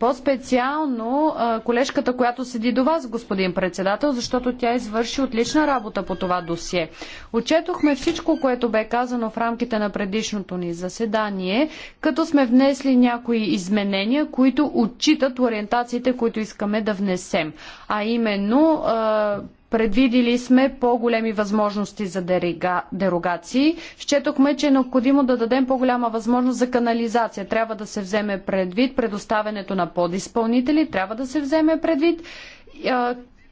по-специално колежката, която седи до вас, господин председател, защото тя извърши отлична работа по това досие. Отчетохме всичко, което бе казано в рамките на предишното ни заседание, като сме внесли някои изменения, които отчитат ориентациите, които искаме да внесем. А именно а, Предвидили сме по-големи възможности за дерогации. Счетохме, че е необходимо да дадем по-голяма възможност за канализация. Трябва да се вземе предвид предоставянето на подизпълнители, трябва да се вземе предвид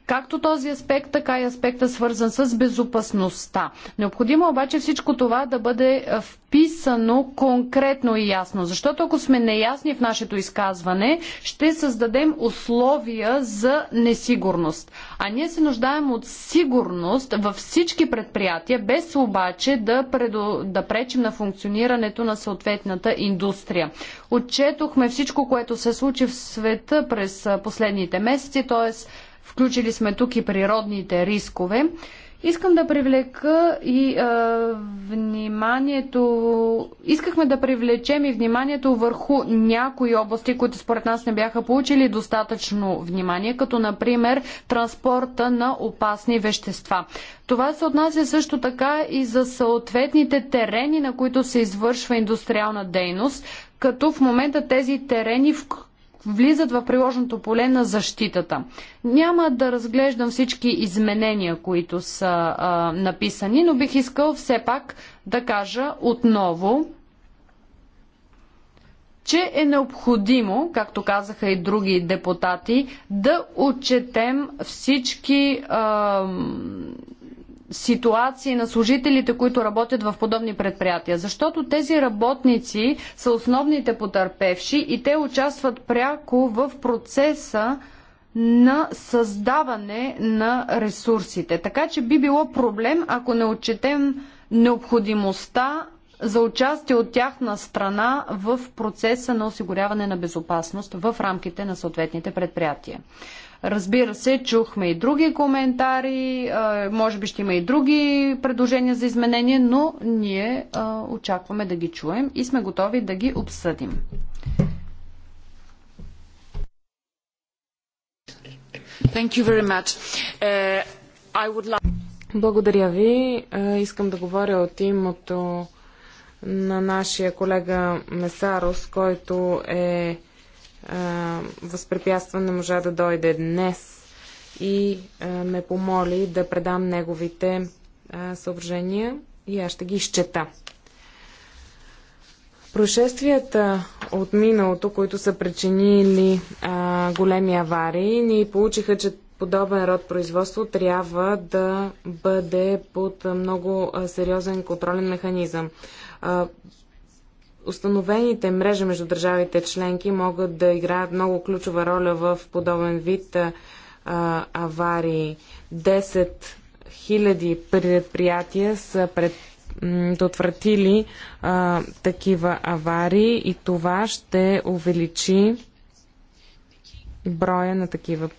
Както този аспект, така и аспекта свързан с безопасността. Необходимо е обаче всичко това да бъде е, вписано конкретно и ясно, защото ако сме неясни в нашето изказване, ще създадем условия за несигурност. А ние се нуждаем от сигурност във всички предприятия, без обаче да, предо... да пречим на функционирането на съответната индустрия. Отчетохме всичко, което се случи в света през е, последните месеци, т.е Включили сме тук и природните рискове. Искам да привлека и а, вниманието. Искахме да привлечем и вниманието върху някои области, които според нас не бяха получили достатъчно внимание, като например транспорта на опасни вещества. Това се отнася също така и за съответните терени, на които се извършва индустриална дейност, като в момента тези терени в влизат в приложното поле на защитата. Няма да разглеждам всички изменения, които са а, написани, но бих искал все пак да кажа отново, че е необходимо, както казаха и други депутати, да отчетем всички. А, ситуации на служителите, които работят в подобни предприятия. Защото тези работници са основните потърпевши и те участват пряко в процеса на създаване на ресурсите. Така че би било проблем, ако не отчетем необходимостта за участие от тяхна страна в процеса на осигуряване на безопасност в рамките на съответните предприятия. Разбира се, чухме и други коментари, може би ще има и други предложения за изменение, но ние очакваме да ги чуем и сме готови да ги обсъдим. Uh, Благодаря ви. Искам да говоря от името на нашия колега Месарос, който е възпрепятства, не можа да дойде днес и а, ме помоли да предам неговите а, съображения и аз ще ги изчета. Прошествията от миналото, които са причинили а, големи аварии, ни получиха, че подобен род производство трябва да бъде под много сериозен контролен механизъм установените мрежи между държавите членки могат да играят много ключова роля в подобен вид а, аварии. 10 000 предприятия са предотвратили а, такива аварии и това ще увеличи броя на такива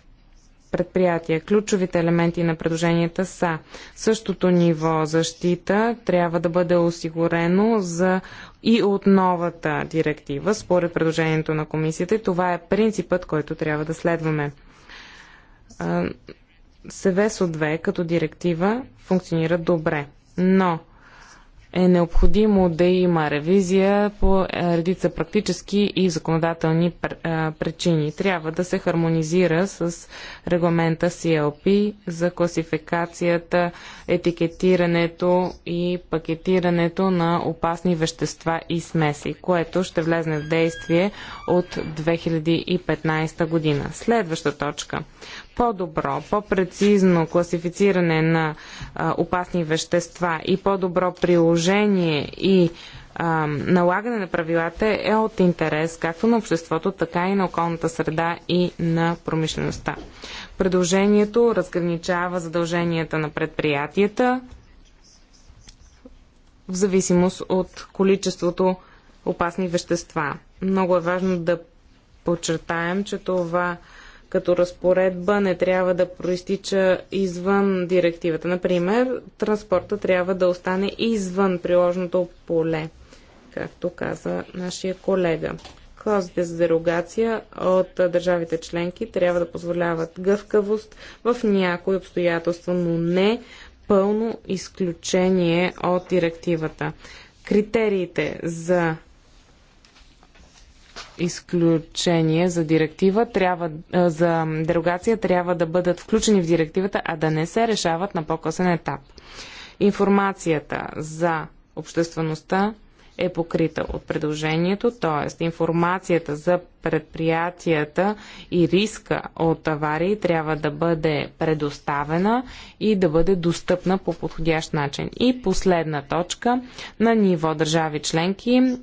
предприятия. Ключовите елементи на предложенията са същото ниво защита трябва да бъде осигурено за и от новата директива, според предложението на комисията. И това е принципът, който трябва да следваме. Севесо 2 като директива функционира добре, но е необходимо да има ревизия по е, редица практически и законодателни е, причини. Трябва да се хармонизира с регламента CLP за класификацията, етикетирането и пакетирането на опасни вещества и смеси, което ще влезне в действие от 2015 година. Следваща точка по-добро, по-прецизно класифициране на а, опасни вещества и по-добро приложение и а, налагане на правилата е от интерес както на обществото, така и на околната среда и на промишлеността. Предложението разграничава задълженията на предприятията в зависимост от количеството опасни вещества. Много е важно да подчертаем, че това като разпоредба не трябва да проистича извън директивата. Например, транспорта трябва да остане извън приложното поле, както каза нашия колега. Клаузите за дерогация от държавите членки трябва да позволяват гъвкавост в някои обстоятелства, но не пълно изключение от директивата. Критериите за изключение за директива трябва, за дерогация трябва да бъдат включени в директивата, а да не се решават на по-късен етап. Информацията за обществеността е покрита от предложението, т.е. информацията за предприятията и риска от аварии трябва да бъде предоставена и да бъде достъпна по подходящ начин. И последна точка на ниво държави членки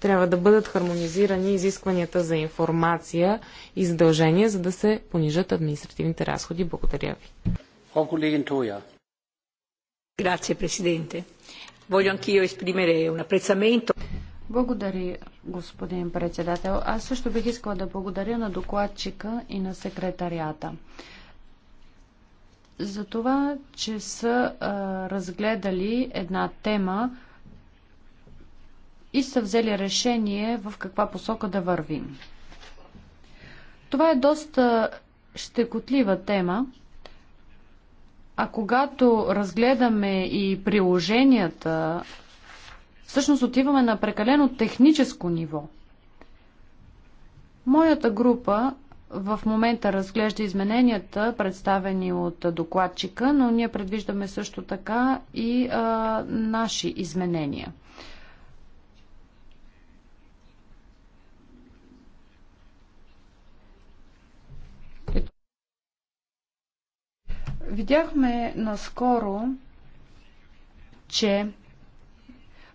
трябва да бъдат хармонизирани изискванията за информация и задължения, за да се понижат административните разходи. Благодаря ви. Grazie Presidente. Voglio anch'io esprimere un apprezzamento. Благодаря, господин председател. Аз също бих искала да благодаря на докладчика и на секретарията за това, че са а, разгледали една тема, и са взели решение в каква посока да вървим. Това е доста щекотлива тема, а когато разгледаме и приложенията, всъщност отиваме на прекалено техническо ниво. Моята група в момента разглежда измененията, представени от докладчика, но ние предвиждаме също така и а, наши изменения. Видяхме наскоро, че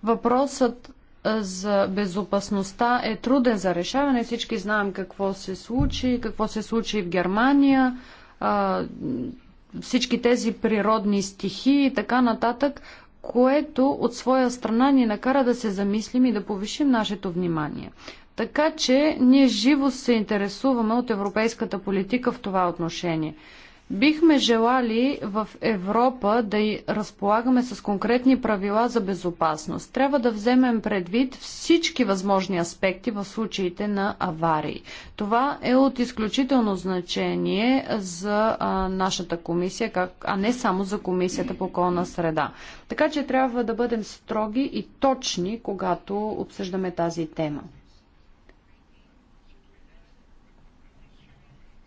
въпросът за безопасността е труден за решаване. Всички знаем какво се случи, какво се случи в Германия, всички тези природни стихии и така нататък, което от своя страна ни накара да се замислим и да повишим нашето внимание. Така че ние живо се интересуваме от европейската политика в това отношение. Бихме желали в Европа да разполагаме с конкретни правила за безопасност. Трябва да вземем предвид всички възможни аспекти в случаите на аварии. Това е от изключително значение за а, нашата комисия, как, а не само за комисията по околна среда. Така че трябва да бъдем строги и точни, когато обсъждаме тази тема.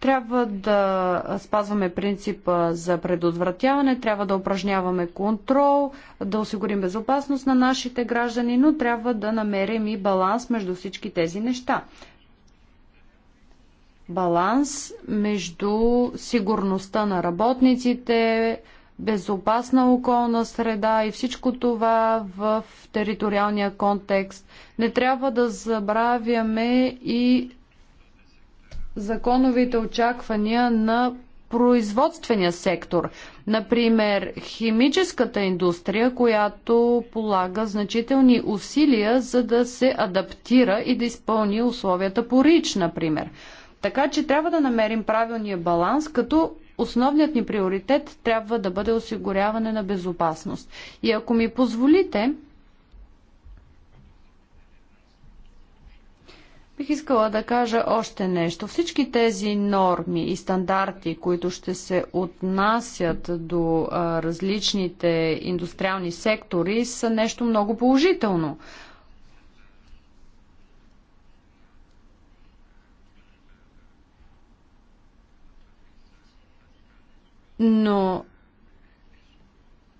Трябва да спазваме принципа за предотвратяване, трябва да упражняваме контрол, да осигурим безопасност на нашите граждани, но трябва да намерим и баланс между всички тези неща баланс между сигурността на работниците, безопасна околна среда и всичко това в териториалния контекст. Не трябва да забравяме и законовите очаквания на производствения сектор. Например, химическата индустрия, която полага значителни усилия за да се адаптира и да изпълни условията по РИЧ, например. Така че трябва да намерим правилния баланс, като основният ни приоритет трябва да бъде осигуряване на безопасност. И ако ми позволите, Бих искала да кажа още нещо. Всички тези норми и стандарти, които ще се отнасят до а, различните индустриални сектори, са нещо много положително. Но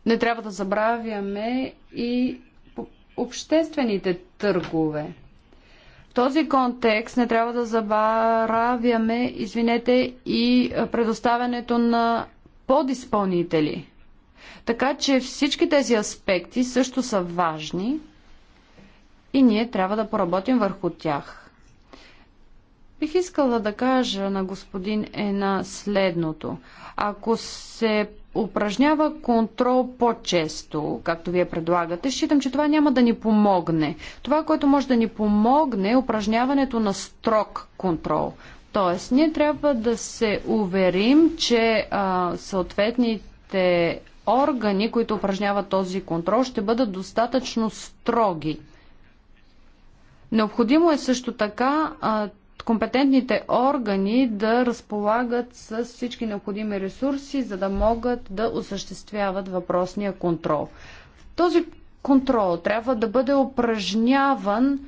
не трябва да забравяме и обществените търгове този контекст не трябва да забравяме, извинете, и предоставянето на подизпълнители. Така че всички тези аспекти също са важни и ние трябва да поработим върху тях. Бих искала да кажа на господин Ена следното. Ако се упражнява контрол по-често, както вие предлагате, считам, че това няма да ни помогне. Това, което може да ни помогне е упражняването на строг контрол. Тоест, ние трябва да се уверим, че а, съответните органи, които упражняват този контрол, ще бъдат достатъчно строги. Необходимо е също така а, компетентните органи да разполагат с всички необходими ресурси, за да могат да осъществяват въпросния контрол. Този контрол трябва да бъде упражняван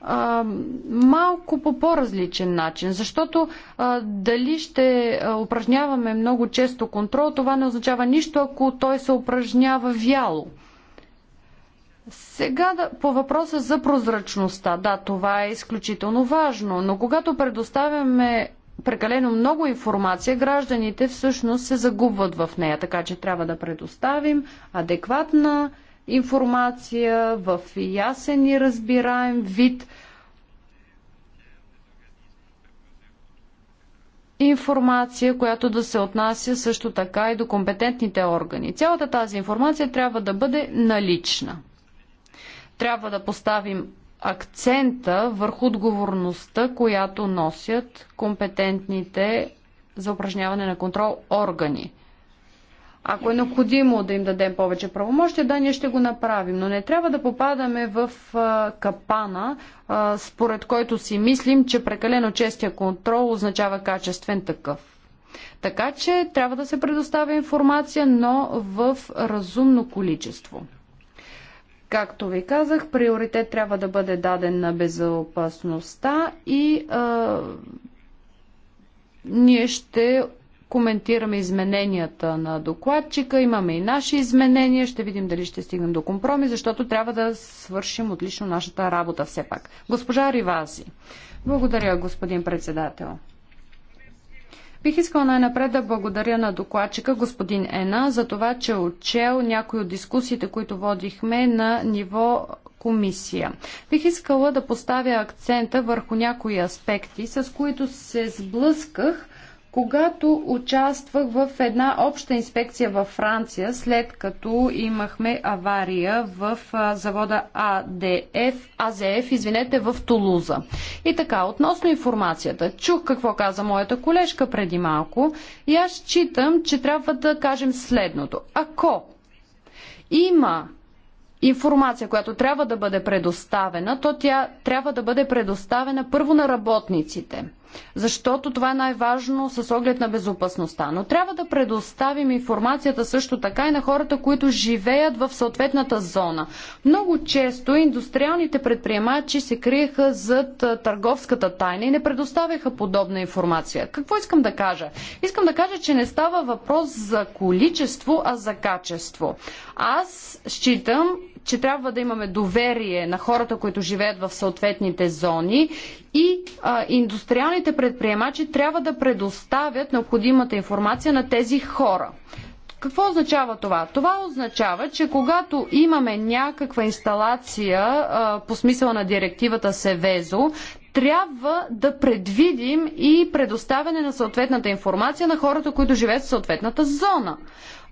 а, малко по по-различен начин, защото а, дали ще упражняваме много често контрол, това не означава нищо, ако той се упражнява вяло. Сега да, по въпроса за прозрачността. Да, това е изключително важно, но когато предоставяме прекалено много информация, гражданите всъщност се загубват в нея, така че трябва да предоставим адекватна информация в ясен и разбираем вид. информация, която да се отнася също така и до компетентните органи. Цялата тази информация трябва да бъде налична трябва да поставим акцента върху отговорността, която носят компетентните за упражняване на контрол органи. Ако е необходимо да им дадем повече правомощия, да, ние ще го направим, но не трябва да попадаме в а, капана, а, според който си мислим, че прекалено честия контрол означава качествен такъв. Така че трябва да се предоставя информация, но в разумно количество. Както ви казах, приоритет трябва да бъде даден на безопасността и а, ние ще коментираме измененията на докладчика. Имаме и наши изменения. Ще видим дали ще стигнем до компромис, защото трябва да свършим отлично нашата работа все пак. Госпожа Ривази. Благодаря, господин председател. Бих искал най-напред да благодаря на докладчика господин Ена за това, че е отчел някои от дискусиите, които водихме на ниво комисия. Бих искала да поставя акцента върху някои аспекти, с които се сблъсках когато участвах в една обща инспекция във Франция, след като имахме авария в завода АДФ, АЗФ, извинете, в Тулуза. И така, относно информацията, чух какво каза моята колежка преди малко и аз считам, че трябва да кажем следното. Ако има информация, която трябва да бъде предоставена, то тя трябва да бъде предоставена първо на работниците – защото това е най-важно с оглед на безопасността. Но трябва да предоставим информацията също така и на хората, които живеят в съответната зона. Много често индустриалните предприемачи се криеха зад търговската тайна и не предоставяха подобна информация. Какво искам да кажа? Искам да кажа, че не става въпрос за количество, а за качество. Аз считам, че трябва да имаме доверие на хората, които живеят в съответните зони и а, индустриалните предприемачи трябва да предоставят необходимата информация на тези хора. Какво означава това? Това означава, че когато имаме някаква инсталация а, по смисъла на директивата Севезо, трябва да предвидим и предоставяне на съответната информация на хората, които живеят в съответната зона.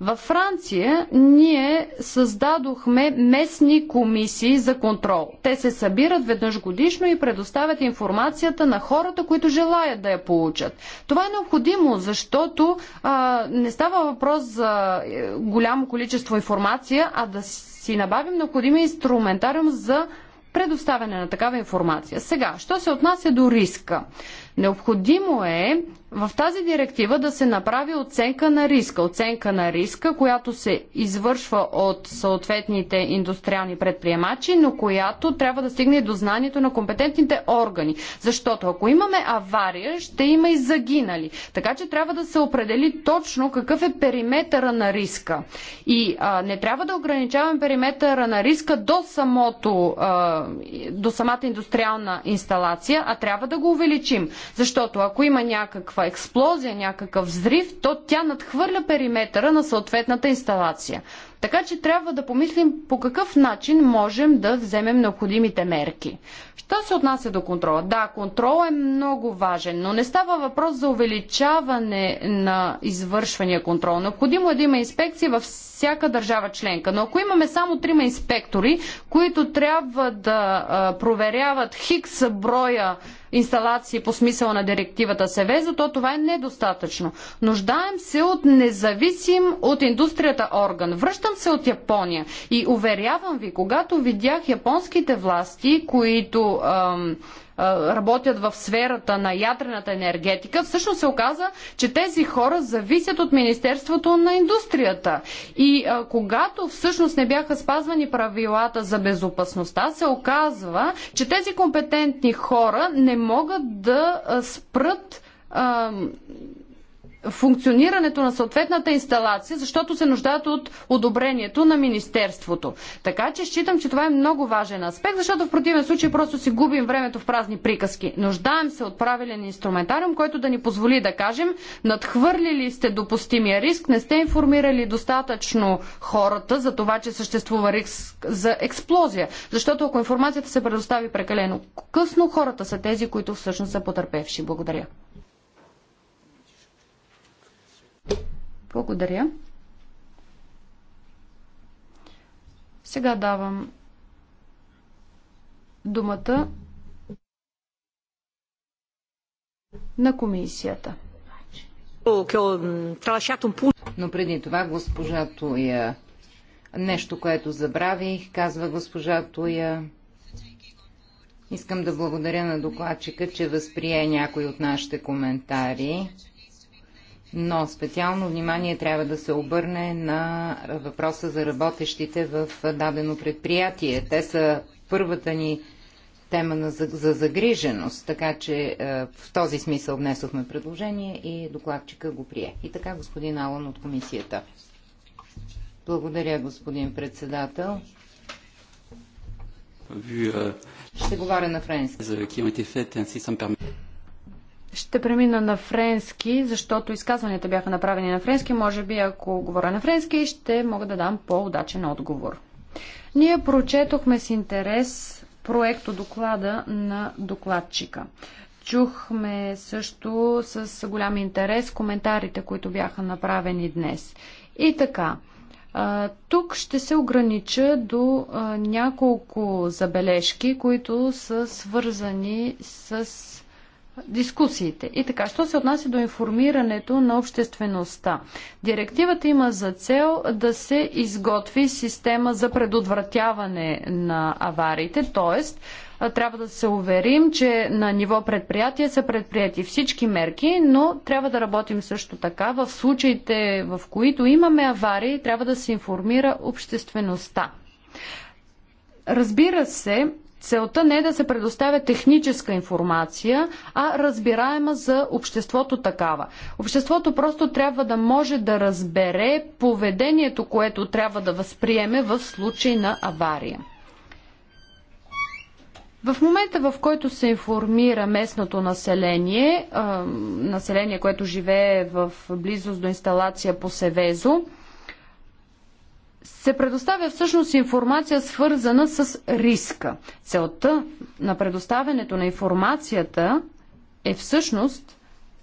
Във Франция ние създадохме местни комисии за контрол. Те се събират веднъж годишно и предоставят информацията на хората, които желаят да я получат. Това е необходимо, защото а, не става въпрос за е, голямо количество информация, а да си набавим необходимия инструментариум за предоставяне на такава информация. Сега, що се отнася до риска? Необходимо е в тази директива да се направи оценка на риска. Оценка на риска, която се извършва от съответните индустриални предприемачи, но която трябва да стигне до знанието на компетентните органи. Защото ако имаме авария, ще има и загинали. Така че трябва да се определи точно какъв е периметъра на риска. И а, не трябва да ограничаваме периметъра на риска до, самото, а, до самата индустриална инсталация, а трябва да го увеличим. Защото ако има някаква експлозия, някакъв взрив, то тя надхвърля периметъра на съответната инсталация. Така че трябва да помислим по какъв начин можем да вземем необходимите мерки. Що се отнася до контрола? Да, контрол е много важен, но не става въпрос за увеличаване на извършвания контрол. Необходимо е да има инспекции във всяка държава членка. Но ако имаме само трима инспектори, които трябва да проверяват хикс броя инсталации по смисъла на директивата Севезо, то това е недостатъчно. Нуждаем се от независим от индустрията орган. Връщам се от Япония и уверявам ви, когато видях японските власти, които ам, работят в сферата на ядрената енергетика, всъщност се оказа, че тези хора зависят от Министерството на индустрията. И а, когато всъщност не бяха спазвани правилата за безопасността, се оказва, че тези компетентни хора не могат да спрат а, функционирането на съответната инсталация, защото се нуждаят от одобрението на Министерството. Така че считам, че това е много важен аспект, защото в противен случай просто си губим времето в празни приказки. Нуждаем се от правилен инструментариум, който да ни позволи да кажем, надхвърлили сте допустимия риск, не сте информирали достатъчно хората за това, че съществува риск за експлозия. Защото ако информацията се предостави прекалено късно, хората са тези, които всъщност са потърпевши. Благодаря. Благодаря. Сега давам думата на комисията. Но преди това госпожа Туя, нещо, което забравих, казва госпожа Туя. Искам да благодаря на докладчика, че възприе някой от нашите коментари но специално внимание трябва да се обърне на въпроса за работещите в дадено предприятие. Те са първата ни тема на, за, за загриженост, така че е, в този смисъл внесохме предложение и докладчика го прие. И така, господин Алън от комисията. Благодаря, господин председател. Ще говоря на френски. Ще премина на френски, защото изказванията бяха направени на френски. Може би, ако говоря на френски, ще мога да дам по-удачен отговор. Ние прочетохме с интерес проекто доклада на докладчика. Чухме също с голям интерес коментарите, които бяха направени днес. И така, тук ще се огранича до няколко забележки, които са свързани с дискусиите. И така, що се отнася до информирането на обществеността? Директивата има за цел да се изготви система за предотвратяване на авариите, т.е. трябва да се уверим, че на ниво предприятие са предприяти всички мерки, но трябва да работим също така. В случаите, в които имаме аварии, трябва да се информира обществеността. Разбира се, Целта не е да се предоставя техническа информация, а разбираема за обществото такава. Обществото просто трябва да може да разбере поведението, което трябва да възприеме в случай на авария. В момента, в който се информира местното население, население, което живее в близост до инсталация по Севезо, се предоставя всъщност информация свързана с риска. Целта на предоставянето на информацията е всъщност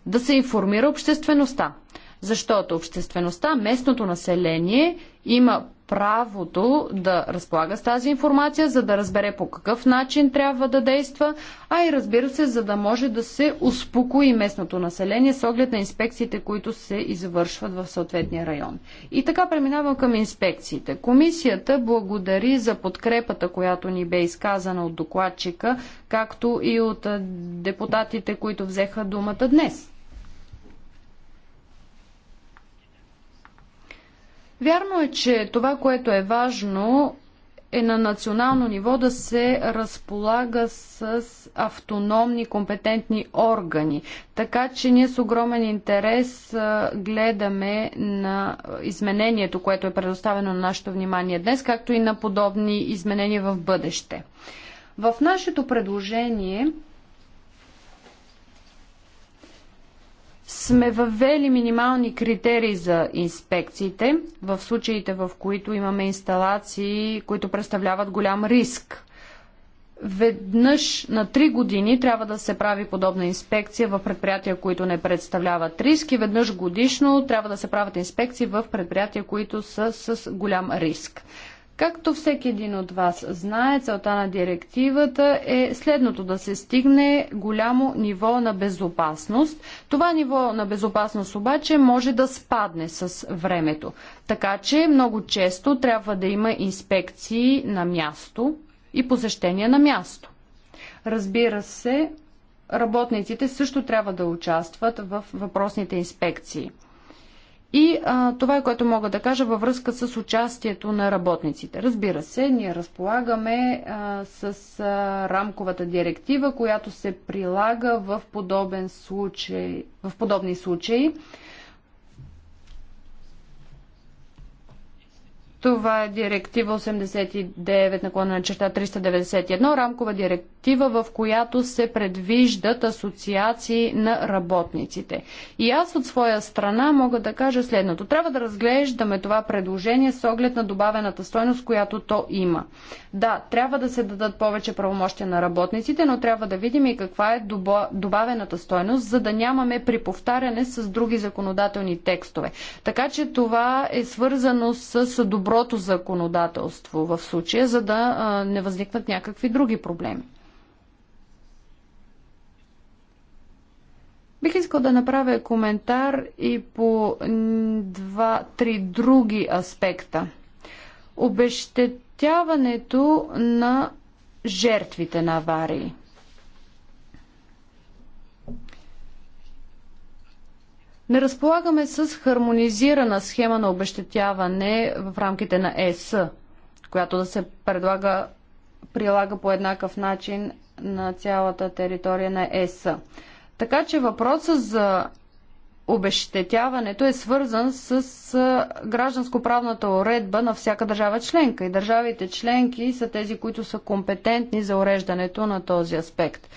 да се информира обществеността. Защото обществеността, местното население има правото да разполага с тази информация, за да разбере по какъв начин трябва да действа, а и разбира се, за да може да се успокои местното население с оглед на инспекциите, които се извършват в съответния район. И така преминавам към инспекциите. Комисията благодари за подкрепата, която ни бе изказана от докладчика, както и от депутатите, които взеха думата днес. Вярно е, че това, което е важно, е на национално ниво да се разполага с автономни компетентни органи. Така че ние с огромен интерес гледаме на изменението, което е предоставено на нашето внимание днес, както и на подобни изменения в бъдеще. В нашето предложение сме въвели минимални критерии за инспекциите в случаите, в които имаме инсталации, които представляват голям риск. Веднъж на 3 години трябва да се прави подобна инспекция в предприятия, които не представляват риски. Веднъж годишно трябва да се правят инспекции в предприятия, които са с голям риск. Както всеки един от вас знае, целта на директивата е следното да се стигне голямо ниво на безопасност. Това ниво на безопасност обаче може да спадне с времето. Така че много често трябва да има инспекции на място и посещения на място. Разбира се, работниците също трябва да участват в въпросните инспекции. И а, това е което мога да кажа във връзка с участието на работниците. Разбира се, ние разполагаме а, с а, рамковата директива, която се прилага в подобен случай, в подобни случаи. Това е директива 89 наклона на черта 391, рамкова директива, в която се предвиждат асоциации на работниците. И аз от своя страна мога да кажа следното. Трябва да разглеждаме това предложение с оглед на добавената стойност, която то има. Да, трябва да се дадат повече правомощия на работниците, но трябва да видим и каква е добавената стойност, за да нямаме приповтаряне с други законодателни текстове. Така че това е свързано с добавената доброто законодателство в случая, за да не възникнат някакви други проблеми. Бих искал да направя коментар и по два-три други аспекта. Обещетяването на жертвите на аварии – Не разполагаме с хармонизирана схема на обещетяване в рамките на ЕС, която да се предлага, прилага по еднакъв начин на цялата територия на ЕС. Така че въпросът за обещетяването е свързан с гражданско-правната уредба на всяка държава членка. И държавите членки са тези, които са компетентни за уреждането на този аспект.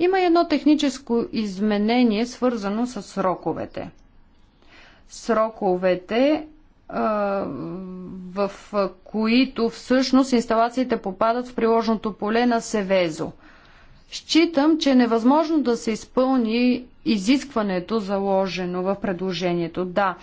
Има едно техническо изменение, свързано с сроковете. Сроковете в които всъщност инсталациите попадат в приложното поле на Севезо. Считам, че е невъзможно да се изпълни изискването заложено в предложението. Да,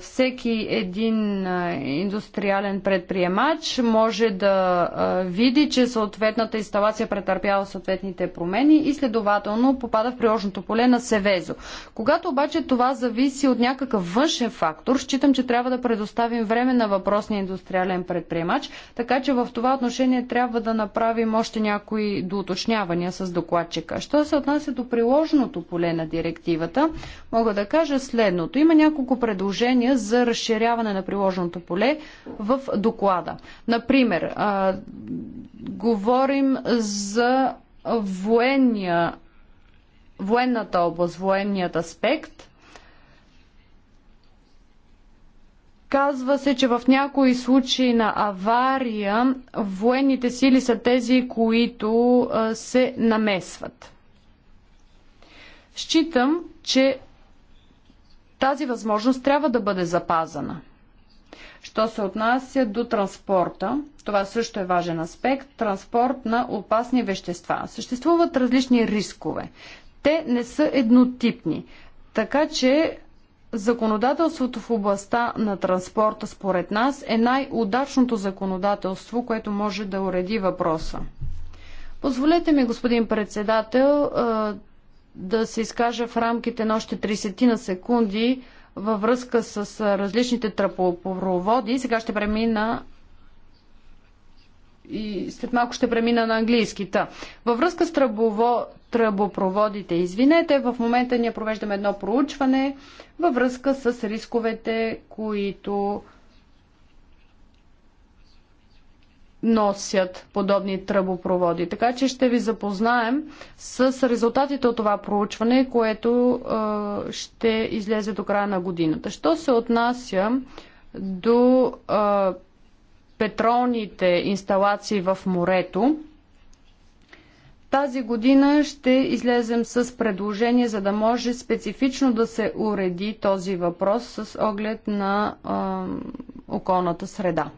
всеки един индустриален предприемач може да види, че съответната инсталация претърпява съответните промени и следователно попада в приложното поле на Севезо. Когато обаче това зависи от някакъв външен фактор, считам, че трябва да предоставим време на въпросния индустриален предприемач, така че в това отношение трябва да направим още някои доуточнявания с докладчика. Що се отнася до приложното поле на директивата, мога да кажа следното. Има няколко предложения за разширяване на приложеното поле в доклада. Например, а, говорим за военния, военната област, военният аспект. Казва се, че в някои случаи на авария военните сили са тези, които се намесват. Считам, че тази възможност трябва да бъде запазена. Що се отнася до транспорта, това също е важен аспект, транспорт на опасни вещества. Съществуват различни рискове. Те не са еднотипни. Така че законодателството в областта на транспорта, според нас, е най-удачното законодателство, което може да уреди въпроса. Позволете ми, господин председател, да се изкажа в рамките на още 30 на секунди във връзка с различните тръпопроводи. Сега ще премина и след малко ще премина на английски. Та. Във връзка с тръбово, тръбопроводите, извинете, в момента ние провеждаме едно проучване във връзка с рисковете, които носят подобни тръбопроводи. Така че ще ви запознаем с резултатите от това проучване, което е, ще излезе до края на годината. Що се отнася до е, петролните инсталации в морето, тази година ще излезем с предложение, за да може специфично да се уреди този въпрос с оглед на е, околната среда.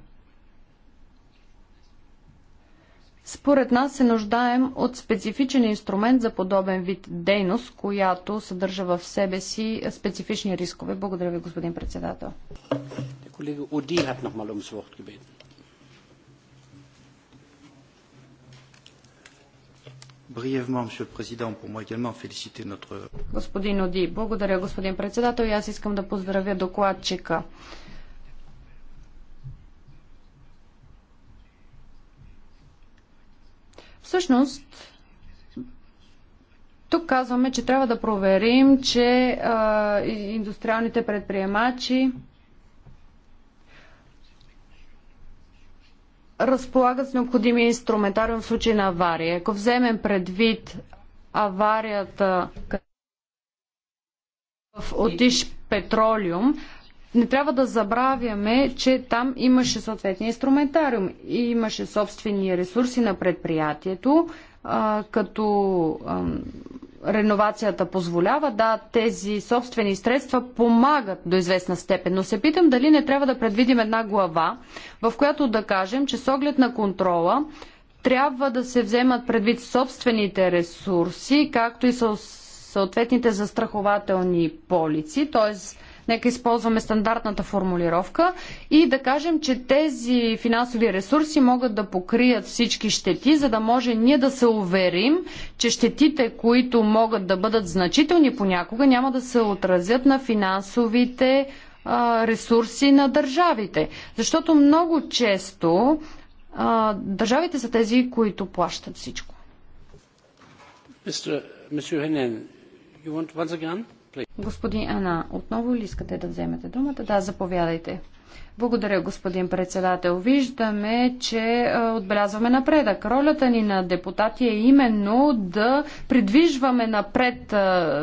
Според нас се нуждаем от специфичен инструмент за подобен вид дейност, която съдържа в себе си специфични рискове. Благодаря ви, господин председател. Господин Оди, благодаря, господин председател. И аз искам да поздравя докладчика. Всъщност, тук казваме, че трябва да проверим, че а, индустриалните предприемачи разполагат с необходимия инструментариум в случай на авария. Ако вземем предвид аварията в Отиш Петролиум, не трябва да забравяме, че там имаше съответния инструментариум, и имаше собствени ресурси на предприятието, а, като а, реновацията позволява, да, тези собствени средства помагат до известна степен. Но се питам дали не трябва да предвидим една глава, в която да кажем, че с оглед на контрола трябва да се вземат предвид собствените ресурси, както и със съответните застрахователни полици, т.е нека използваме стандартната формулировка и да кажем, че тези финансови ресурси могат да покрият всички щети, за да може ние да се уверим, че щетите, които могат да бъдат значителни понякога, няма да се отразят на финансовите ресурси на държавите. Защото много често а, държавите са тези, които плащат всичко. Mr. Monsieur you want once again? Господин Ана, отново ли искате да вземете думата? Да, заповядайте. Благодаря, господин председател. Виждаме, че отбелязваме напредък. Ролята ни на депутати е именно да придвижваме напред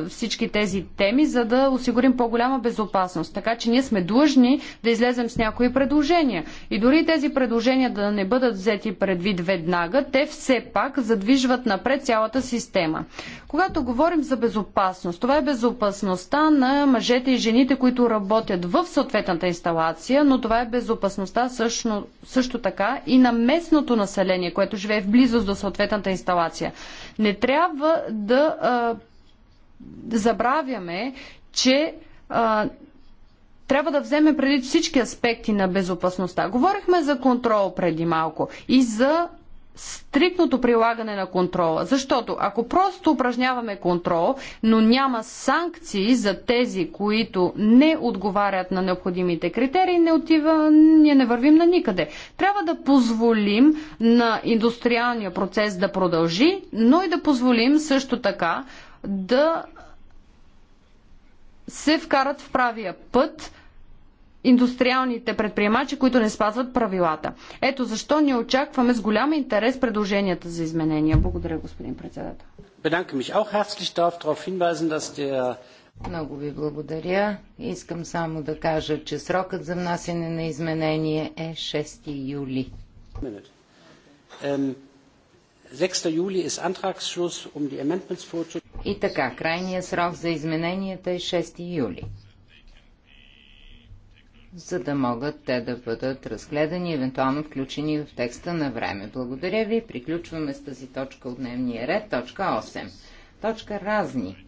всички тези теми, за да осигурим по-голяма безопасност. Така че ние сме длъжни да излезем с някои предложения. И дори тези предложения да не бъдат взети предвид веднага, те все пак задвижват напред цялата система. Когато говорим за безопасност, това е безопасността на мъжете и жените, които работят в съответната инсталация, но това е безопасността също, също така и на местното население, което живее в близост до съответната инсталация. Не трябва да а, забравяме, че а, трябва да вземе преди всички аспекти на безопасността. Говорихме за контрол преди малко и за Стриктното прилагане на контрола. Защото ако просто упражняваме контрол, но няма санкции за тези, които не отговарят на необходимите критерии, не отива, ние не вървим на никъде. Трябва да позволим на индустриалния процес да продължи, но и да позволим също така да се вкарат в правия път индустриалните предприемачи, които не спазват правилата. Ето защо ни очакваме с голям интерес предложенията за изменения. Благодаря, господин председател. Много ви благодаря. Искам само да кажа, че срокът за внасяне на изменение е 6 юли. 6 юли е антрагсшлус, um die Amendments И така, крайният срок за измененията е 6 юли за да могат те да бъдат разгледани и евентуално включени в текста на време. Благодаря ви. Приключваме с тази точка от дневния ред. Точка 8. Точка разни.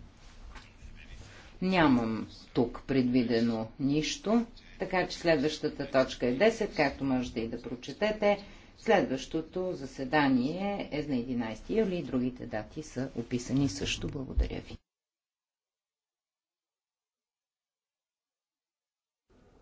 Нямам тук предвидено нищо, така че следващата точка е 10, както можете и да прочетете. Следващото заседание е на 11 юли и другите дати са описани също. Благодаря ви.